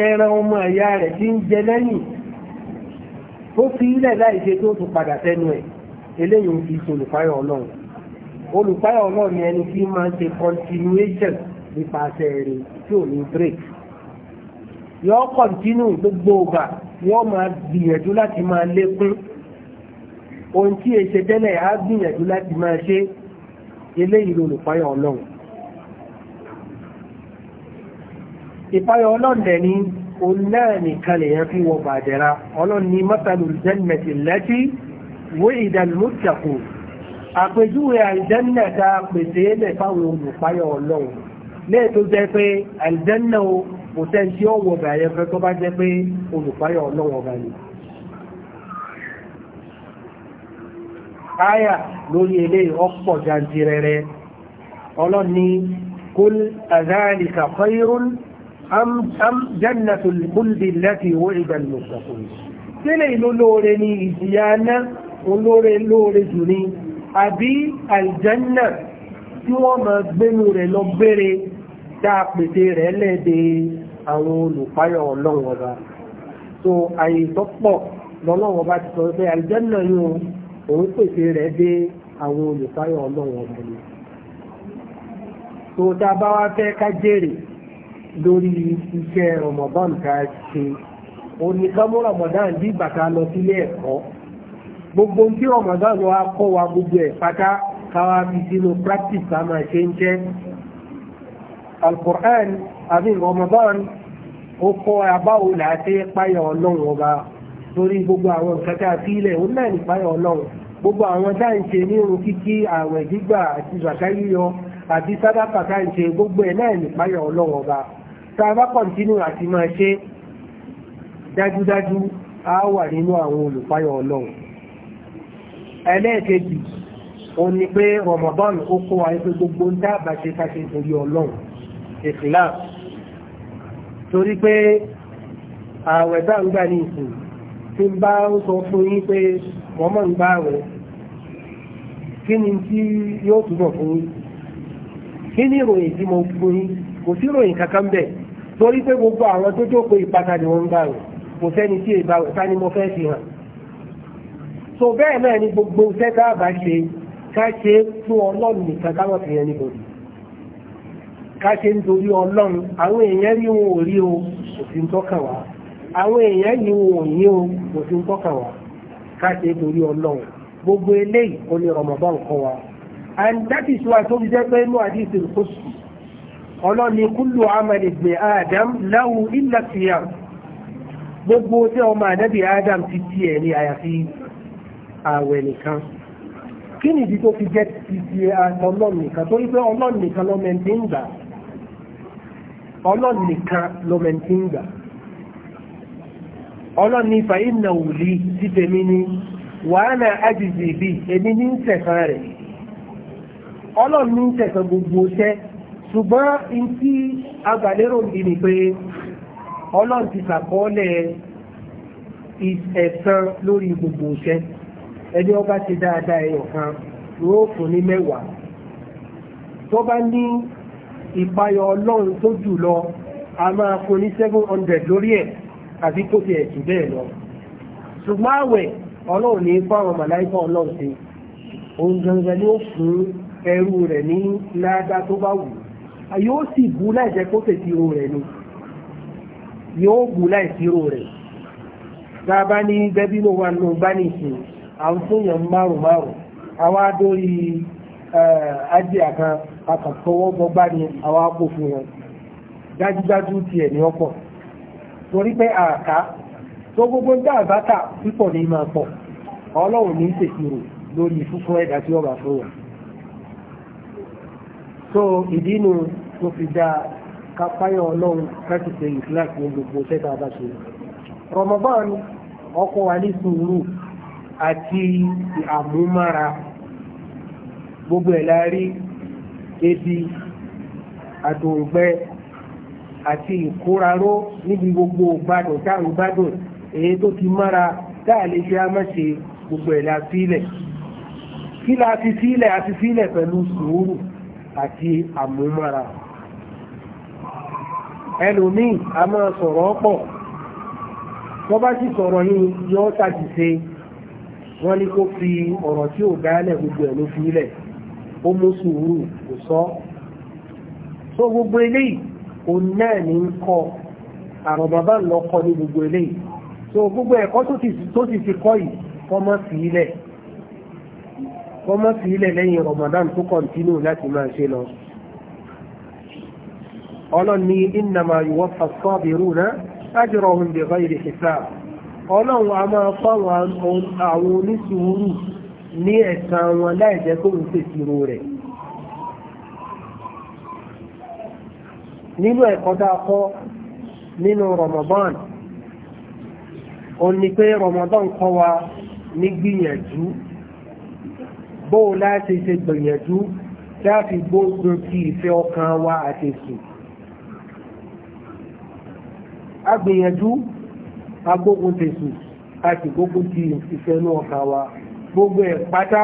ẹran ọmọ ẹ̀yà rẹ̀ tí ń jẹ lẹ́yìn ó fi ilẹ̀ láìṣe tí ó tó padà sẹ́nu ẹ̀ eléyìí ń fi olùpáyà ọlọ́run olùpáyà ọlọ́run ni ẹni tí máa ń ṣe continuation nípasẹ̀ rẹ̀ tí ò ní break yọ kọ̀ntínú gbogbo ọgbà yọ máa gbìyànjú láti máa lékún ohun tí èṣe tẹ́lẹ̀ á gbìyànjú láti máa ṣe eléyìí olùpáyọ̀ ọlọ́run ìpáyọ̀ ọlọ́run dẹ̀ ni òun náà nìkan lèyàn fi wọ bàdẹ̀ra ọlọ́run ni mọ́tàlù jẹ́nmẹ̀tì lẹ́tí wé ìdàlùmọ́tàkù àpèjúwe àìjẹ́nà ta pèsè lẹ̀ fáwọn olùpáyọ̀ ọlọ́run lẹ́ẹ̀tọ́ jẹ́ pé àìjẹ́nà kò sẹ́ni tí ó wọ bàyẹ̀ fẹ́ tó bá jẹ́ pé olùpáyọ̀ ọlọ́wọ̀ bá ní. Aya lórí ilé ọ̀pọ̀ jàǹtìrẹrẹ ọlọ́ni kul adhalika khayrun am jannatul khuldi allati wu'ida al-muttaqun. Sílẹ̀ dáa pèsè rẹ̀ lẹ́ẹ̀dẹ̀ àwọn olùpáyọ̀ ọlọ́run ọba so àyè tó pọ̀ lọ́lọ́run ọba ti sọ pé àlùjànnà yóò òun pèsè rẹ̀ dé àwọn olùpáyọ̀ ọlọ́run ọba ni so tá a bá wá fẹ́ ká jèrè lórí iṣẹ́ Ramadan ká ṣe òní kámú Ramadan bí bàtà lọ sílé ẹ̀kọ́ gbogbo tí Ramadan wa kọ́ wa gbogbo ẹ̀ pátá káwa fi sínú practice ká máa ṣe ń jẹ́ alukur'an àbí ramadan ó kọ́ abáwo láti páyà ọlọ́run ọba torí gbogbo àwọn nǹkan tá a fi ilẹ̀ òun náà ní páyà ọlọ́run gbogbo àwọn tá à ń ṣe ní irun kíkí àwẹ̀ gbígbà àti zàkà yíyọ àti sádàkà tá à ń ṣe gbogbo ẹ̀ náà ní páyà ọlọ́run ọba tá a bá kọ̀ǹtínú àti máa ṣe dájúdájú a wà nínú àwọn olùpáyà ọlọ́run ẹlẹ́ẹ̀kejì òun ni pé ramadan ó kọ́ wa pé gbogbo ń dábàá ṣe ká ṣe torí ọlọ́run ikhlas torí pé ààwẹ̀ bá ń gbà ní ìsìn tí ń bá ń sọ fún yín pé wọ́n mọ̀ ń bá àwẹ̀ kí ni tí yóò túbọ̀ fún yín kí ni ìròyìn tí mo fún yín kò sí ìròyìn kankan bẹ̀ torí pé gbogbo àwọn tó jókòó ìpátá ni wọ́n ń bá àwẹ̀ kò sẹ́ni tí èbá àwẹ̀ ká ni mo fẹ́ fi hàn so bẹ́ẹ̀ náà ni gbogbo iṣẹ́ tá a bá ṣe ká ṣe fún ọlọ́run nìkan ká fi hàn níbodè káṣe ń torí ọlọ́run àwọn èèyàn rí wọn ò rí o kò sí ń tọ́kàn wá àwọn èèyàn yìí wọn ò yí o kò sí ń tọ́kàn wá káṣe ń torí ọlọ́run gbogbo eléyìí ó ní Ramadan kọ́ wa and that is why tó fi jẹ́ pé inú àdìsí kò sí ọlọ́ni kúlù amali ibn Adam lahu illa siyam gbogbo tí ọmọ ànábì Adam ti tiẹ̀ ní àyàfi ààwẹ̀ nìkan kí nìdí tó fi jẹ́ ti ti ọlọ́run nìkan torí pé ọlọ́run nìkan lọ́mọ ẹni tí ń gbà á ọlọ́run nìkan lọ́mẹ̀ntì ń gbà ọlọ́run ní fa iná òlì sí tèmi ní wàhánà àjèjì bí èmi ní rẹ̀ gbogbo ṣùgbọ́n in tí agbàlérò yìí ni pé ọlọ́run ti sàkọọ́lẹ̀ lórí gbogbo ṣẹ́ ẹni ọba ti dáadáa ẹyọ kan yóò ní mẹ́wàá tó bá ìpayọ̀ ọlọ́run tó jù lọ a máa fún ní seven hundred lórí ẹ̀ àti tó ti ẹ̀jù bẹ́ẹ̀ lọ ṣùgbọ́n àwẹ̀ ọlọ́run ní fáwọn màláìkà ọlọ́run ṣe òun gangan ni ó fún ẹrú rẹ̀ ní ládá tó bá wù yóò sì bú láìjẹ́ kó tètè ro rẹ̀ ni yóò bú láìsí ro rẹ̀ gbábá ní dẹ́bínú wa nù bá ní ìsìn àwọn tó yàn márùn-márùn àwa ajé àkan akàtọwọ́ gbọgbá ni àwọn àpò fún wọn dájúdájú tiẹ̀ ní ọ̀pọ̀ torí pé àká tó gbogbo dá àbáta pípọ̀ ní máa pọ̀ ọlọ́run ní ṣèṣirò lórí fúnfún ẹ̀dá tí ọba fún wọn so ìdí nu tó fi dá kápáyọ̀ ọlọ́run láti ṣe ìfúláàsì ní gbogbo tẹ́ta bá ṣe Ramadan ọkọ wa ní sùúrù àti àmúmára gbogbo ẹ̀ la rí ebi àtòrògbẹ àti ìkóraró níbi gbogbo gbádùn táwọn gbádùn èyí tó ti mára táà lè ṣe amáṣe gbogbo ẹ̀lá sílẹ̀ kí la fi sílẹ̀ àti sílẹ̀ pẹ̀lú sùúrù àti àmúmára ẹlòmíì a máa sọ̀rọ̀ ọ̀pọ̀ tó bá sì sọ̀rọ̀ yìí yóò tàbí ṣe wọ́n ní kó fi ọ̀rọ̀ tí ò dálẹ̀ gbogbo ẹ̀ ló fi ilẹ̀ ó mú sùúrù kò sọ so gbogbo eléyìí òun náà ní ń kọ àrùn bàbá ń lọ kọ ní gbogbo eléyìí so gbogbo ẹ̀kọ́ tó sì ti kọ́ yìí kọ́mọ́ sí ilẹ̀ kọ́mọ́ sí ilẹ̀ lẹ́yìn Ramadan tó kọ̀ntínú láti máa ṣe lọ ọlọ́run ní innama máa fáwọn àwọn ní ẹ̀san wọn láì jẹ́ kó ń ṣèṣirò rẹ̀. nínú ẹ̀kọ́ tá kọ́ nínú Ramadan ó ní pé Ramadan kọ́ wa ní gbìyànjú bó láti ṣe gbìyànjú láti gbógun ti ìfẹ́ ọkàn wa àti èsì agbìyànjú agbógun tèsù àti gbógun ti ìfẹ́ ọkàn wa. gbogbo ẹ̀ pátá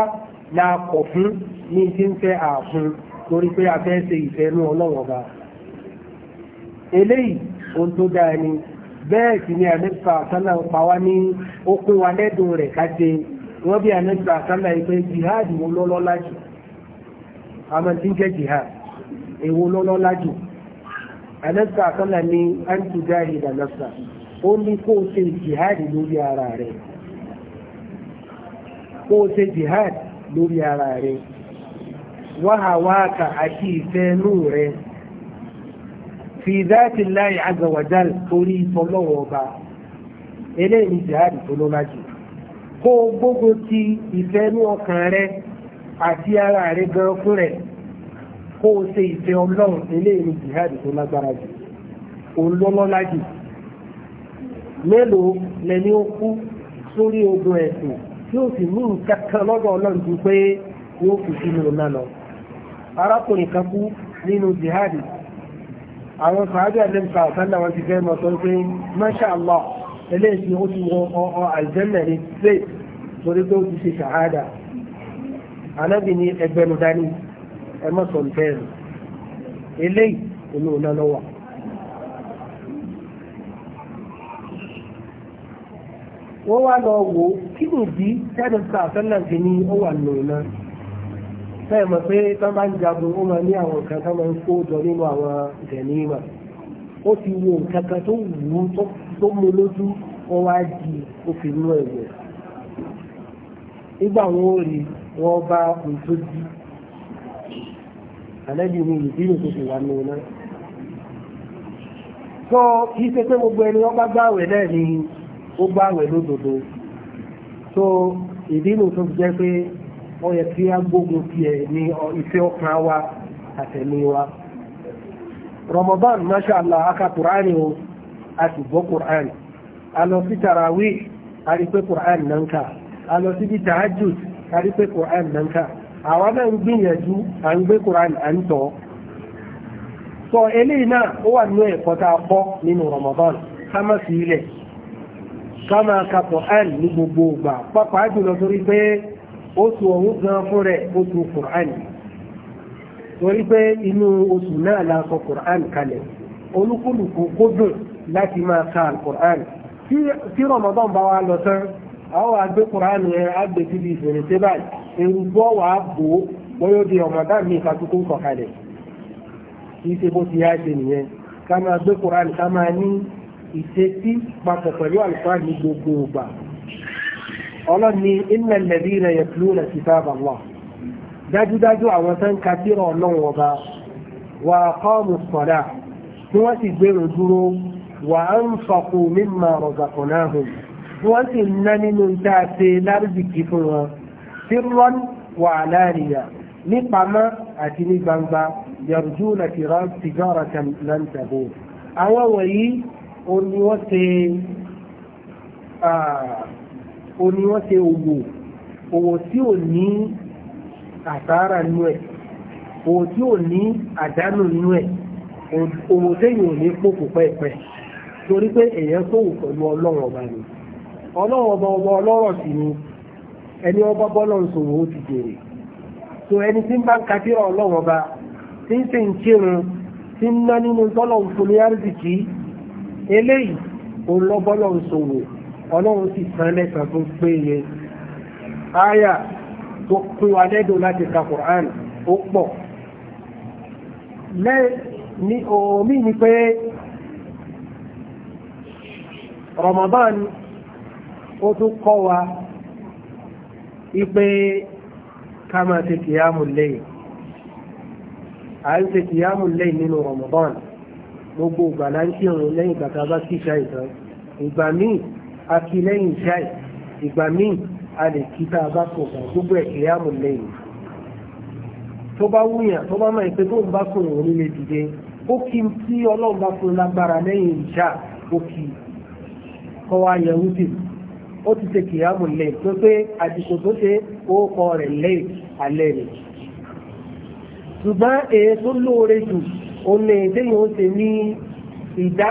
la kọ̀ fún ní tí ń fẹ́ ààfún torí pé a fẹ́ ṣe ìfẹ́nú ọlọ́wọ́ ba eléyìí ohun tó dáa ni bẹ́ẹ̀ sì ni àlẹ́fà àsálà ń pa wá ní ó wa lẹ́dùn rẹ̀ ká wọ́n bí àlẹ́fà àsálà yìí pé jihad wo lọ́lọ́ àmọ́ tí ń jẹ́ jihad èwo lọ́lọ́ antu ó o ṣe jihad lórí ara rẹ̀. kó o ṣe jihad lórí ara rẹ wàháwáka àti ìfẹ́nú rẹ fi dáàtì láì azọ̀wàjáde torí ìtọ́lọ́wọ́ ọba eléyìí jihad tó K'o kó ti ìfẹ́nú ọkàn rẹ àti ara rẹ gan fún rẹ kó ṣe ìfẹ́ ọlọ́run eléyìí jihad tó jù òun mélòó lẹni tí ó sì ní nǹkan kan lọ́dọ̀ ọlọ́run ju pé yóò fi sínú náà lọ arákùnrin kan kú nínú jihadi àwọn sàájú àdẹ́mùsà ọ̀sánlá wọn ti fẹ́ mọ̀ sọ pé masha eléyìí ó ti wọ ọ̀ọ̀ aljanna ní ṣe torí pé ó ti ṣe ṣàhádà anábì ní ẹgbẹ́nu dání ẹ mọ̀ sọ̀nfẹ́ẹ̀lì eléyìí olóòlá lọ́wọ́ wọ́n wá lọ wò ó kí ni ìdí tẹ́lẹ̀ àfẹ́lẹ̀ fi ní ó wà nù náà mọ̀ pé tán bá ń jagun ó máa ní àwọn nǹkan tán máa ń kó jọ nínú àwọn gẹ̀nímà ó ti wo nǹkan kan tó wù ú tó mú lójú wọ́n wá di fi mú ẹ̀wẹ̀ nígbà wọn rí wọn bá àlẹ́bí mi ìdí ó gbààwẹ̀ lódodo tó ìdínú tó jẹ́ pé ó yẹ kí á gbógun ti ẹ̀ ní ìfẹ́ ọkàn wa àtẹ̀mí wa Ramadan masha Allah aka Qur'ani o a sì gbọ́ Qur'ani a lọ sí tarawih a rí pé Qur'ani náà ń kà a lọ síbi tahajjud a rí pé Qur'ani náà ń kà àwọn náà ń gbìyànjú à ń gbé Qur'ani à ń tọ́ sọ eléyìí náà ó wà nínú ẹ̀kọ́ tá a kọ́ nínú Ramadan ká má fi ilẹ̀ ká máa ka Qur'an ní gbogbo ìgbà pàápàá jùlọ torí pé oṣù ọ̀hún gan fún rẹ̀ oṣù Qur'an torí pé inú oṣù náà la sọ Qur'an kalẹ̀ olúkúlùkù kó dùn láti máa ka Qur'an tí Ramadan bá wa lọ tán àwọn àgbé kùránù ẹ àgbé síbi ìfèrèsé báyìí èrùbọ́ wà á bò ó bọ́yọ́ di Ramadan ní ìfàtúkú sọ̀kalẹ̀ kì í ṣe bó ti yá ṣe nìyẹn ká máa gbé kùránù ká máa ní ìṣesí papọ̀ pẹ̀lú àlùfáà ní gbogbo ìgbà ọlọ́ni innal ladhina yatluna kitaba Allah dájúdájú àwọn tán ka tírà ọlọ́run ọba wa aqamu as-salah tí wọ́n sì gbèrò dúró wa anfaqu mimma razaqnahum tí wọ́n sì ní pamọ́ àti ní gbangba yarjuna tijaratan lan tabur àwọn wọ̀nyí òun ni wọ́n ṣe wọ́n tí ò ní àtàrà nínú ẹ̀ tí ò ní àdánù nínú ẹ̀ òwò téèyàn ò ní pòkù pẹ́ẹ̀pẹ́ torí pé èèyàn sòwò pẹ̀lú ọlọ́run ọba ni ọlọ́run ọba ọba ọlọ́rọ̀ ni ẹni ọba eléyìí òun lọ́bọ́lọ́ ń sòwò ọlọ́run sì san lẹ́sàn tó péye áyà tó pín wa lẹ́dọ̀ láti ka Qur'an ó pọ̀ ní omi ni pé Ramadan ó tún kọ́ wa ipe ká máa kìyàmù lẹ́yìn à ń ṣe kìyàmù lẹ́yìn nínú Ramadan gbogbo ìgbà la ń kírun lẹ́yìn ìgbà tá a bá kíṣà ìtàn ìgbà míì a kí lẹ́yìn ìṣá ìgbà míì a lè kí tá a bá sọ̀tàn gbogbo ẹ̀kẹ́ àmọ̀ lẹ́yìn tó bá wúyàn tó bá máa ń pe tó ń bá sùn òun nílé dìde ó kí n tí ọlọ́run bá fún lágbára lẹ́yìn ìṣá ó kí kọ́ wá yẹ wúdì ó ti ṣe kìyàmù lẹ́yìn tó pé àdìsò tó ṣe ó kọ rẹ̀ lẹ́yìn alẹ́ rẹ̀ ṣùgbọ́n èyí tó lóore jù o lè téyìn ó ṣe ní ìdá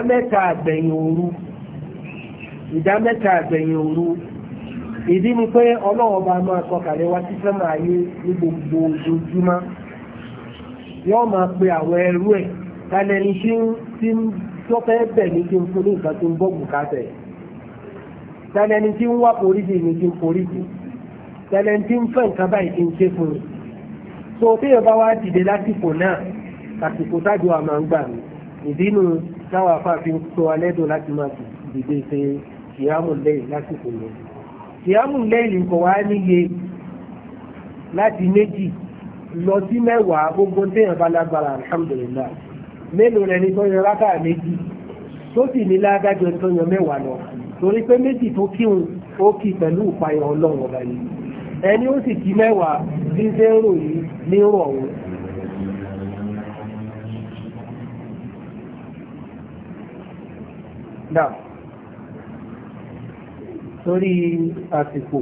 àgbẹ̀yìn òru ìdí ni pé ni bá kọkàlẹ̀ wá sí ní gbogbo pe àwọn ẹrú ẹ̀ kálẹ̀ ní tí ń bẹ̀ ní kí n fún ní nǹkan tó ń bọ́ bùkátà ẹ̀ tí ń wá foríjì ní kí n foríjì kálẹ̀ tí ń fẹ́ nǹkan báyìí kí n ṣe àsìkò tájú àmà ń gbà mí ìdínú táwọn afáàfin tó alẹ́dùn láti máa dìde ṣe kìámù lẹ́yìn lásìkò yẹn kìámù lẹ́yìn kò wá níye láti méjì lọ sí mẹ́wàá gbogbo téèyàn bá lágbára alhamdulillah mélòó lẹni tó yan rákà méjì tó sì ní ládájọ tó yan mẹ́wàá lọ torí pé méjì tó kíhun ó kí pẹ̀lú ìpayọ̀ ọlọ́run ọba yìí ẹni ó sì kí mẹ́wàá bí ṣe ń rò yìí ní rọ̀ náà torí àsìkò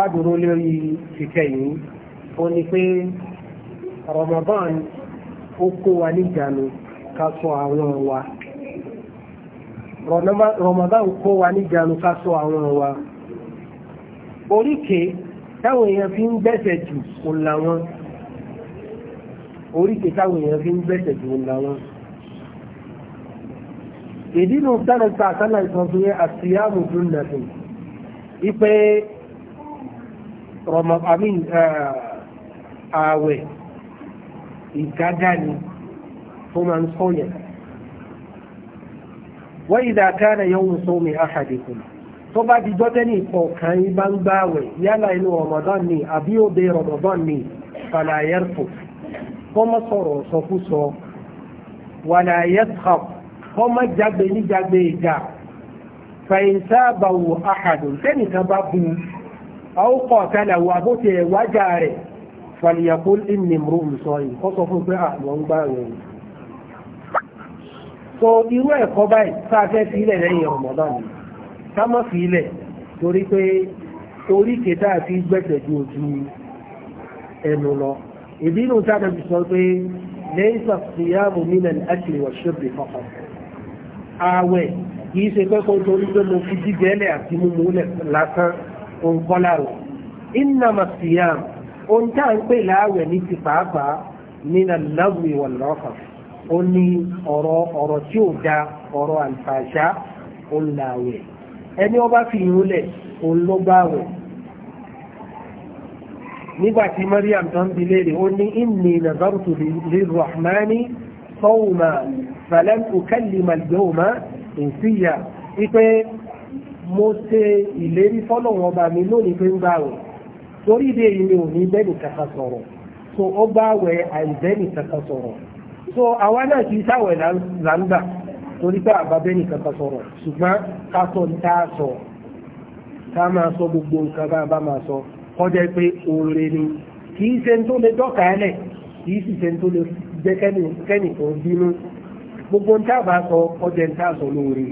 àádùrú lórí ìkẹyìn ó ní pé Ramadan ó kó wa níjànú ká sọ àwọn wa Ramadan kó wa fi ń gbẹ́sẹ̀ jù kò oríkè táwọn èèyàn fi ń gbẹ́sẹ̀ jù ńlá wọn. ìdí nu tẹ́lẹ̀ta àtàlà ìtọ́jú yẹn àṣìyàmù dùn nàfẹ̀ ipe rọmọbàmí ààwẹ̀ ìgádá ni tó máa ń sọ̀yẹ̀. wọ́n ìdá kára yẹn ń sọ mi àhàdìkùn tó bá di jọ́tẹ́ni ìkọ̀ọ̀kan yìí bá ń yálà inú rọmọdán ni àbí òde rọmọdán ni fàlàyé kọ́mọ sọ̀rọ̀ sọkúsọ wàlà yẹ́tà kọ́mọ jágbe níjàgbe ìjà fẹ̀yìntàbàwò àhàdùn tẹ́nìkan bá bu àwòkọ̀ tẹ́lẹ̀wò àbótẹ́ wájà rẹ̀ fàlìyàkó ní mìíràn olùsọ yìí kọ́ sọ fún pé àwọn ń gbà rẹ̀ so irú ẹ̀kọ́ báyìí tá a fẹ́ fi ilẹ̀ lẹ́yìn Ramadan ni ká má fi ilẹ̀ torí pé oríkèé tá a fi ju ojú ẹnu lọ ìdí inú tá a dàbí sọ pé lẹ́yìn sàkíyàmù nínú àṣírí wà ṣọ́bì fọ́fọ́ ààwẹ̀ kì í ṣe pẹ́kọ́ torí pé mo fi jíjẹ́lẹ̀ àti mímú lásán nǹkan láàrọ̀ iná màṣíyàmù ohun tá à ń pè láàwẹ̀ ní ti pàápàá nínú lábù ìwà lọ́fà ó ní ọ̀rọ̀ ọ̀rọ̀ tí ò da ọ̀rọ̀ àlùfàṣà ó láàwẹ̀ ẹni ọba fi ìrúlẹ̀ òun ló bá wẹ̀ nígbà tí Maryam tó ń bilé rẹ̀ ó ní inni nazartu lirrahmani sawma falan ukallima al-yawma insiya wípé mo ṣe ìlérí fọ́lọ̀wọ̀n ọba mi lónìí pé ń gbààwẹ̀ torí ìdí èyí mi ò ní bẹ́ẹ̀ni kàkà sọ̀rọ̀ so ó gbààwẹ̀ àìbẹ́ẹ̀ni kàkà sọ̀rọ̀ so àwa náà kì í sáwẹ̀ là torí pé àbá bẹ́ẹ̀ni kàkà sọ̀rọ̀ ṣùgbọ́n ká sọ ní tá sọ ká máa sọ gbogbo nǹkan bá máa sọ kọjá pé oore ni kì í ṣe tó lè dọ́kà ẹlẹ̀ kì í sì ṣe tó lè jẹ́ kẹ́nì kan bínú gbogbo ń tábà sọ kọjá ń tàṣọ lóore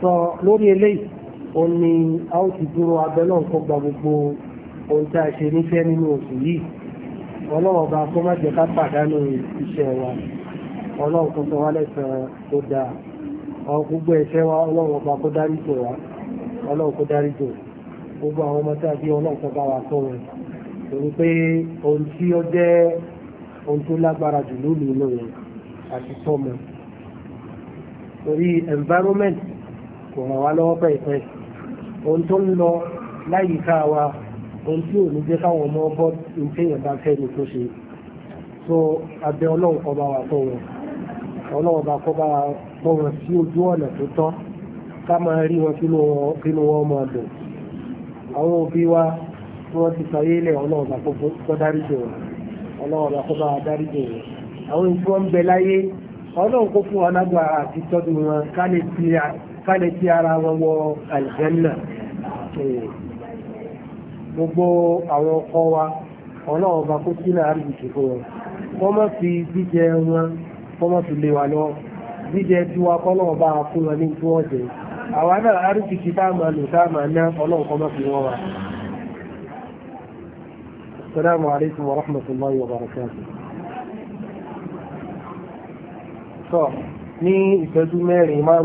sọ lórí eléyìí ó ní a ó ti dúró abẹ náà kó gba gbogbo ohun tá a ṣe níṣẹ́ nínú oṣù yìí ọlọ́wọ́ bá kó má jẹ́ ká pàdánù iṣẹ́ wa ọlọ́run tó sọ wá lẹ́sàn tó dáa ọ gbogbo ẹ̀ṣẹ̀ wa ọlọ́run ọba kó dáríjò wa ọlọ́run kó dáríjò wa gbogbo àwọn ọmọ tí a bí ọlọ́ọ̀kan bá wa sọ wọn torí pé ohun tí ó jẹ́ ohun tó lágbára jù lónìí inú rẹ̀ àti tọ́mọ torí environment kò ràn wá lọ́wọ́ pẹ̀pẹ́ ohun tó ń lọ láyìíká wa ohun tí ò ní jẹ́ káwọn ọmọ bọ́ ìpéyàn bá fẹ́ ni tó ṣe so abẹ ọlọ́run kọ́ bá wa tọ́ wọn ọlọ́run bá kọ́ bá wa tọ́ wọn sí ojú ọ̀nà tó tọ́ ká máa rí wọn kínú wọn máa dùn àwọn òbí wa tí wọ́n ti sọyé ilẹ̀ ọlọ́ọ̀bà kó dáríjì wọn ọlọ́ọ̀bà kó bá dáríjì wọn àwọn ìtú wọn bẹ láyé ọlọ́run kó fún alágbára àti tọ́jú wọn ká lè ti ara wọn wọ àlìjẹ́nà gbogbo àwọn ọkọ wa ọlọ́ọ̀bà kó sínú àríjì fún wọn kọ́ mọ́ fi jíjẹ wọn kọ́ mọ́ fi lé wa lọ jíjẹ tiwa kọ́ lọ́ọ̀bà fún wọn ní tí wọ́n àwa náà arìsìkì tá a máa lò tá a máa ná ọlọ́run kọ́ mọ́ fi wọ́n wa. السلام عليكم ورحمة الله وبركاته ní ìtẹ́jú mẹ́rin márùn